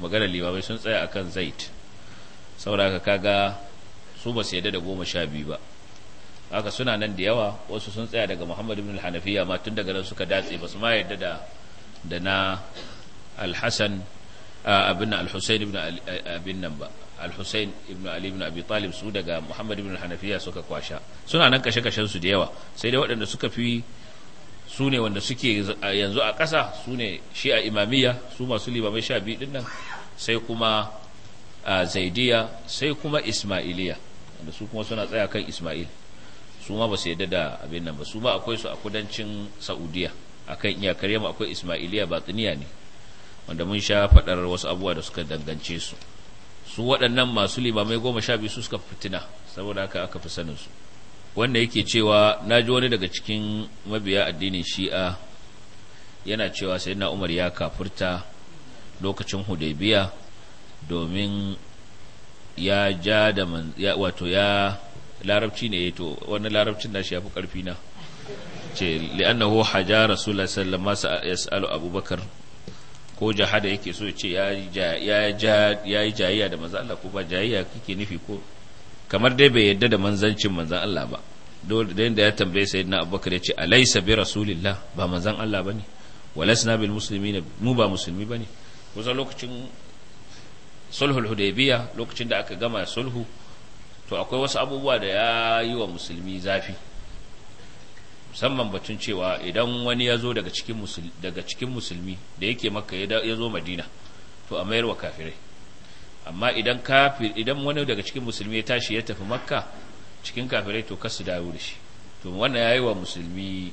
maganar limamai sun tsaya akan zait saboda kaga su ba su yadda da goma sha biyu ba haka suna nan da yawa wasu sun tsaya daga muhammad ibn al-hanafiya ma tun daga nan suka datse ba su ma yadda da da na al-hasan abin al-husayn ibn abin nan ba al-husayn ibn ali ibn abi talib su daga muhammad ibn al suka kwasha suna nan kashe kashen su da yawa sai dai waɗanda suka fi su ne wanda suke yanzu a ƙasa su ne a imamiyya su masu limamai sha biyu ɗin sai kuma A zaidiya sai kuma ismailiya da su kuma suna tsaya kan ismail su ma ba su yadda da abin nan ba su ma akwai su a kudancin saudiya akan iyakar yamma akwai ismailiya batiniya ne wanda mun sha faɗar wasu abubuwa da suka dangance su su waɗannan masu limamai goma sha biyu su suka fitina saboda haka aka fi sanin su wanda yake cewa na ji wani daga cikin mabiya addinin shi'a yana cewa sai na umar ya kafurta lokacin hudaybiya domin ya ja da man wato ya larabci ne to wannan larabcin na shi ya fi ƙarfi na ce li'annahu haja rasulullah sallallahu alaihi sa'alu abubakar ko jahada yake so ce ya ya ya yi jayayya da manzon Allah ko ba jayayya kike nufi ko kamar dai bai yadda da manzancin manzan Allah ba dole da ya tambaye sayyidina abubakar ya ce alaysa bi rasulillah ba manzon Allah bane walasna bil muslimina mu ba musulmi bane ne. lokacin sulhul hudaybiya lokacin da aka gama sulhu to akwai wasu abubuwa da ya yi wa musulmi zafi musamman batun cewa idan wani ya zo daga cikin daga cikin musulmi da yake Makka ya zo madina to a mayar wa kafirai amma idan kafir idan wani daga cikin musulmi ya tashi ya tafi makka cikin kafirai to kasu dawo da shi to wannan ya yi wa musulmi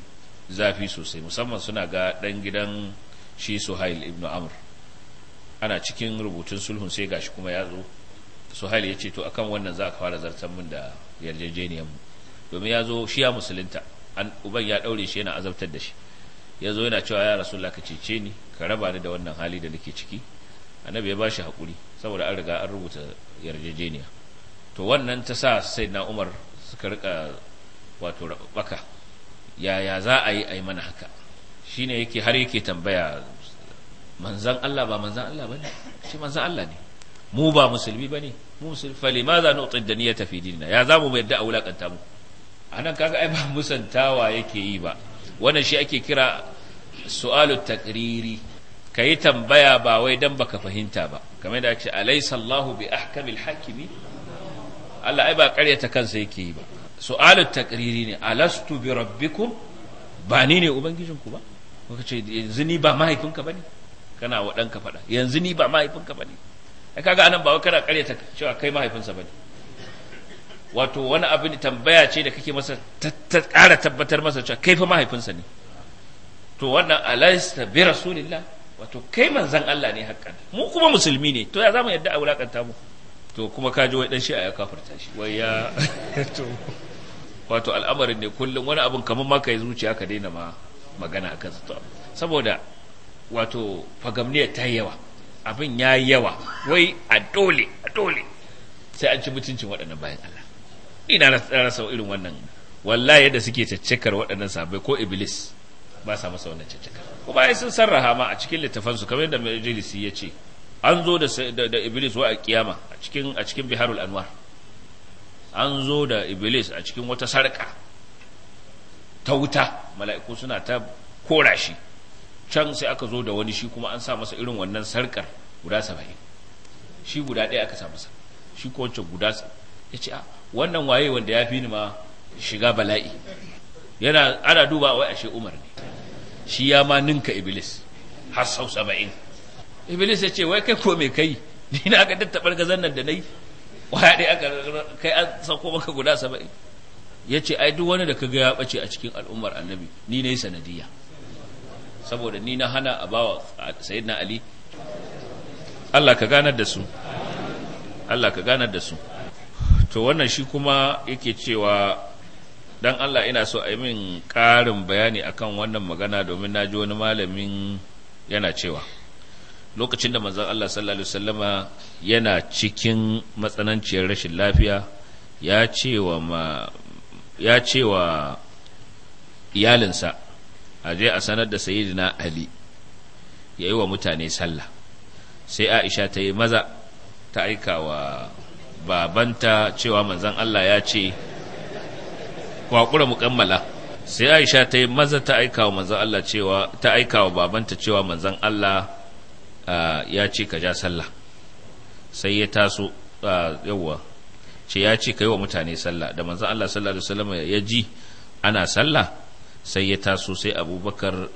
zafi sosai musamman suna ga dan gidan shi suhail ibnu amr ana cikin rubutun sulhun sai gashi kuma ya zo hali ya ce to akan wannan za ka fara zartar min da yarjejeniyar mu domin ya zo shi ya musulunta an uban ya daure shi yana azabtar da shi ya zo yana cewa ya rasu ka cece ni ka raba ni da wannan hali da nake ciki annabi ya bashi hakuri saboda an riga an rubuta yarjejeniya to wannan ta sa sai na umar suka rika wato baka yaya za a yi a yi mana haka shine yake har yake tambaya manzan Allah ba manzan Allah bane shi manzan Allah ne mu ba musulmi ba ne? mu musulmi fa limaza nu'ti daniyata fi dinina ya zamu yadda a wulakanta mu anan kaga ai ba musantawa yake yi ba wannan shi ake kira su'alu takriri kayi tambaya ba wai dan baka fahimta ba kamar da ake alaysa Allahu bi ahkamil hakimi Allah ai ba karyata kansa yake yi ba su'alu takriri ne alastu bi rabbikum ba ni ne ubangijinku ba kuka ce yanzu ni ba mahaifinka ba ne kana wa ɗanka faɗa yanzu ni ba mahaifinka ba ne ai kaga anan ba wai kana ƙaryata cewa kai mahaifinsa ba ne wato wani abu ne tambaya ce da kake masa ta ƙara tabbatar masa cewa kai fa mahaifinsa ne to wannan alaista bi rasulillah wato kai manzan Allah ne hakan mu kuma musulmi ne to ya zamu yadda a wulakanta mu to kuma ka ji wai dan a ya kafirta shi wai ya to wato al'amarin ne kullum wani abin kamar ma kai zuciya ka daina ma magana akan sa saboda wato fagamniyar ta yi yawa abin ya yi yawa wai a dole a dole sai an ci mutuncin waɗannan bayan Allah ina rasa irin wannan wallahi yadda suke caccakar waɗannan sabai ko iblis ba sa masa wannan caccakar ko bayan sun sarraha ma a cikin littafansu kamar yadda majalisi ya ce an zo da iblis wa a kiyama a cikin a cikin biharul anwar an zo da iblis a cikin wata sarka ta wuta mala'iku suna ta korashi. can sai aka zo da wani shi kuma an sa masa irin wannan sarkar guda saba'in shi guda ɗaya aka sa masa shi ko wancan guda ya ce a wannan waye wanda ya fi ni ma shiga bala'i yana ana duba wai ashe umar ne shi ya ma ninka iblis har sau saba'in iblis ya ce wai kai ko me kai ni na ga tattabar gazan nan da na yi waya ɗaya aka kai an sauko maka guda saba'in ya ce ai duk wani da ka ga ya ɓace a cikin al'ummar annabi ni na yi sanadiyya saboda ni na hana a bawa sayidina ali Allah ka ganar da su Allah ka ganar da su to wannan shi kuma yake cewa dan Allah ina so a yi min ƙarin bayani akan wannan magana domin na ji wani malamin yana cewa lokacin da manzon Allah sallallahu alaihi wasallama yana cikin matsananciyar rashin lafiya ya cewa ma ya ce wa iyalinsa a je a sanar da sayyidina ali ya yi wa mutane sallah sai aisha ta yi maza ta aika wa babanta cewa manzan Allah ya ce kwakura mu kammala sai aisha ta yi maza ta aika wa manzan Allah cewa ta aika wa babanta cewa manzan Allah ya ce ka ja sallah sai ya taso yawwa ce ya ce ka yi wa mutane sallah da manzan Allah sallallahu alaihi wasallam ya ji ana sallah sai ya taso sai abubakar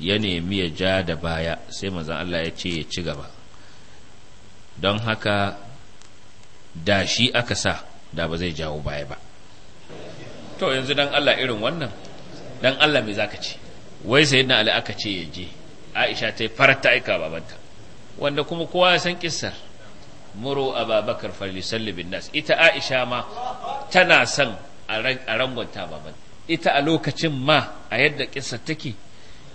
ya nemi ya ja da baya sai mazan Allah ya ce ya ci gaba don haka da shi aka sa da ba zai jawo baya ba to yanzu don Allah irin wannan don Allah mai zaka ce wai sai na Ali aka ce ya je Aisha ta yi farar ta aika babanta wanda kuma kowa ya san kissar muro babakar falisalli bin nas ita Aisha ma tana son a rangonta babanta ita a lokacin ma a yadda kissa take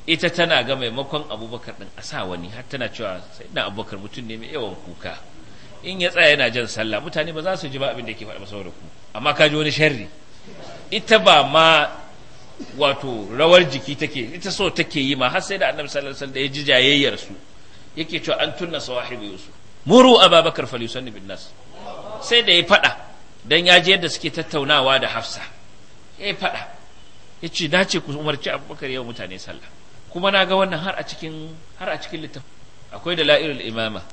ita tana ga maimakon abubakar ɗin a sa wani har tana cewa sai na abubakar mutum ne mai yawan kuka in ya tsaya yana jan sallah mutane ba za su ji ba abin da ke faɗa saboda ku amma ka ji wani sharri ita ba ma wato rawar jiki take ita so take yi ma har sai da annabi sallallahu alaihi wasallam ya ji jayayyar su yake cewa an tunna sawahibi yusuf muru ababakar falyusanni bin nas sai da ya faɗa dan ya ji yadda suke tattaunawa da hafsa ya faɗa ya ce na ce ku umarci abubakar yau mutane sallah kuma na ga wannan har a cikin har a cikin littafi akwai da la'irul imama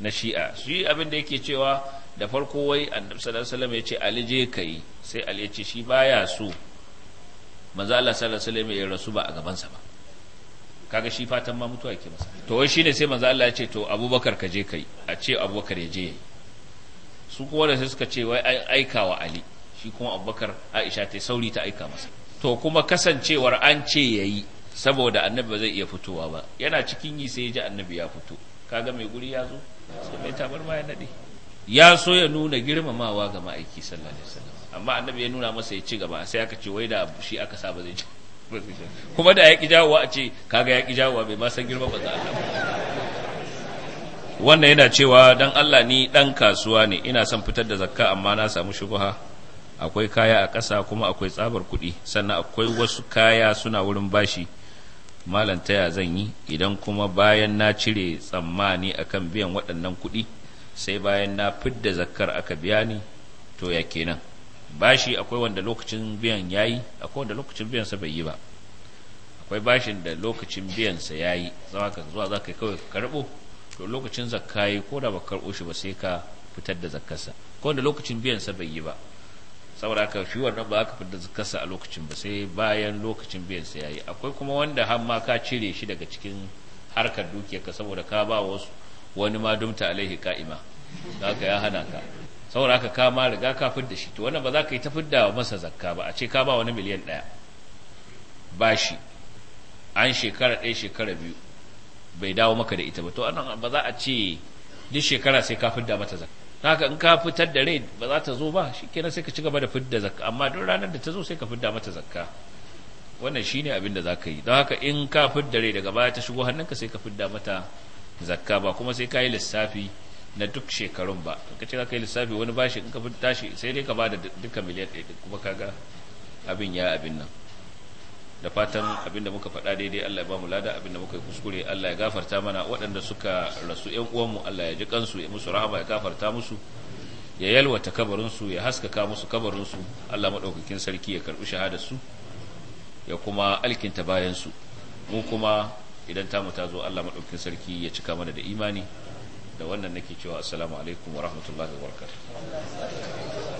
na shi'a shi abin da yake cewa da farko wai annabi sallallahu alaihi wasallam ya ce ali je kai sai ali ya ce shi baya so manzo Allah sallallahu alaihi wasallam ya rasu ba a gaban sa ba kaga shi fatan ma mutuwa yake masa to wai shine sai manzo Allah ya ce to Abubakar ka je kai a ce Abubakar ya je su kuma da sai suka ce wai aikawa Ali shi kuma Abubakar Aisha ta sauri ta aika masa to kuma kasancewar an ce ya yi saboda annabi ba zai iya fitowa ba yana cikin yi sai ya ji annabi ya fito kaga mai guri ya zo sai mai tabar ma ya nade ya so ya nuna girmamawa ga ma'aiki sallallahu alaihi wasallam amma annabi ya nuna masa ya ci gaba sai aka ce wai da shi aka sa ba zai ci kuma da ya ki jawowa a ce kaga ya ki jawowa bai ma san girma ba za wannan yana cewa dan Allah ni dan kasuwa ne ina son fitar da zakka amma na samu shubha akwai kaya a ƙasa kuma akwai tsabar kuɗi sannan akwai wasu kaya suna wurin bashi malam taya zan yi idan kuma bayan na cire tsammani akan biyan waɗannan kuɗi sai bayan na fidda zakkar aka biya ni to ya kenan bashi akwai wanda lokacin biyan ya yi akwai wanda lokacin biyan sa bai yi ba akwai bashin da lokacin biyan sa ya yayi za ka zuwa zaka kawai ka karbo to lokacin zakka yi ko da ba karbo shi ba sai ka fitar da zakkarsa ko wanda lokacin biyan sa bai yi ba saboda haka shi wannan ba aka fidda zakarsa a lokacin ba sai bayan lokacin biyan sa yayi akwai kuma wanda har ma ka cire shi daga cikin harkar ka saboda ka ba wasu wani ma dumta alaihi ka'ima haka ya hana ka saboda haka ka ma riga ka fidda shi to wannan ba za ka yi ta fidda masa zakka ba a ce ka ba wani miliyan ɗaya ba shi an shekara ɗaya shekara biyu bai dawo maka da ita ba to anan ba za a ce duk shekara sai ka fidda mata zakka haka in ka fitar da rai ba za ta zo ba shikenan sai ka ci gaba da fidda zakka amma duk ranar da ta zo sai ka fidda mata zakka wannan shine abin da zaka yi don haka in ka fidda rai daga baya ta shigo hannunka sai ka fidda mata zakka ba kuma sai ka yi lissafi na duk shekarun ba ka ce za ka yi lissafi wani bashi in ka fidda shi sai dai ka bada da duka miliyan ɗaya kuma ka ga abin ya abin nan da fatan abinda muka faɗa daidai Allah ya bamu lada abinda muka yi kuskure Allah ya gafarta mana waɗanda suka rasu ƴan uwanmu Allah ya ji kansu ya musu rahama ya gafarta musu ya yalwata kabarin su ya haskaka musu kabarin su Allah maɗaukakin sarki ya karɓi shahadarsu ya kuma alkinta bayansu mu kuma idan tamu ta zo Allah madaukakin sarki ya cika mana da imani da wannan nake cewa assalamu alaikum wa rahmatullahi wa barakatuh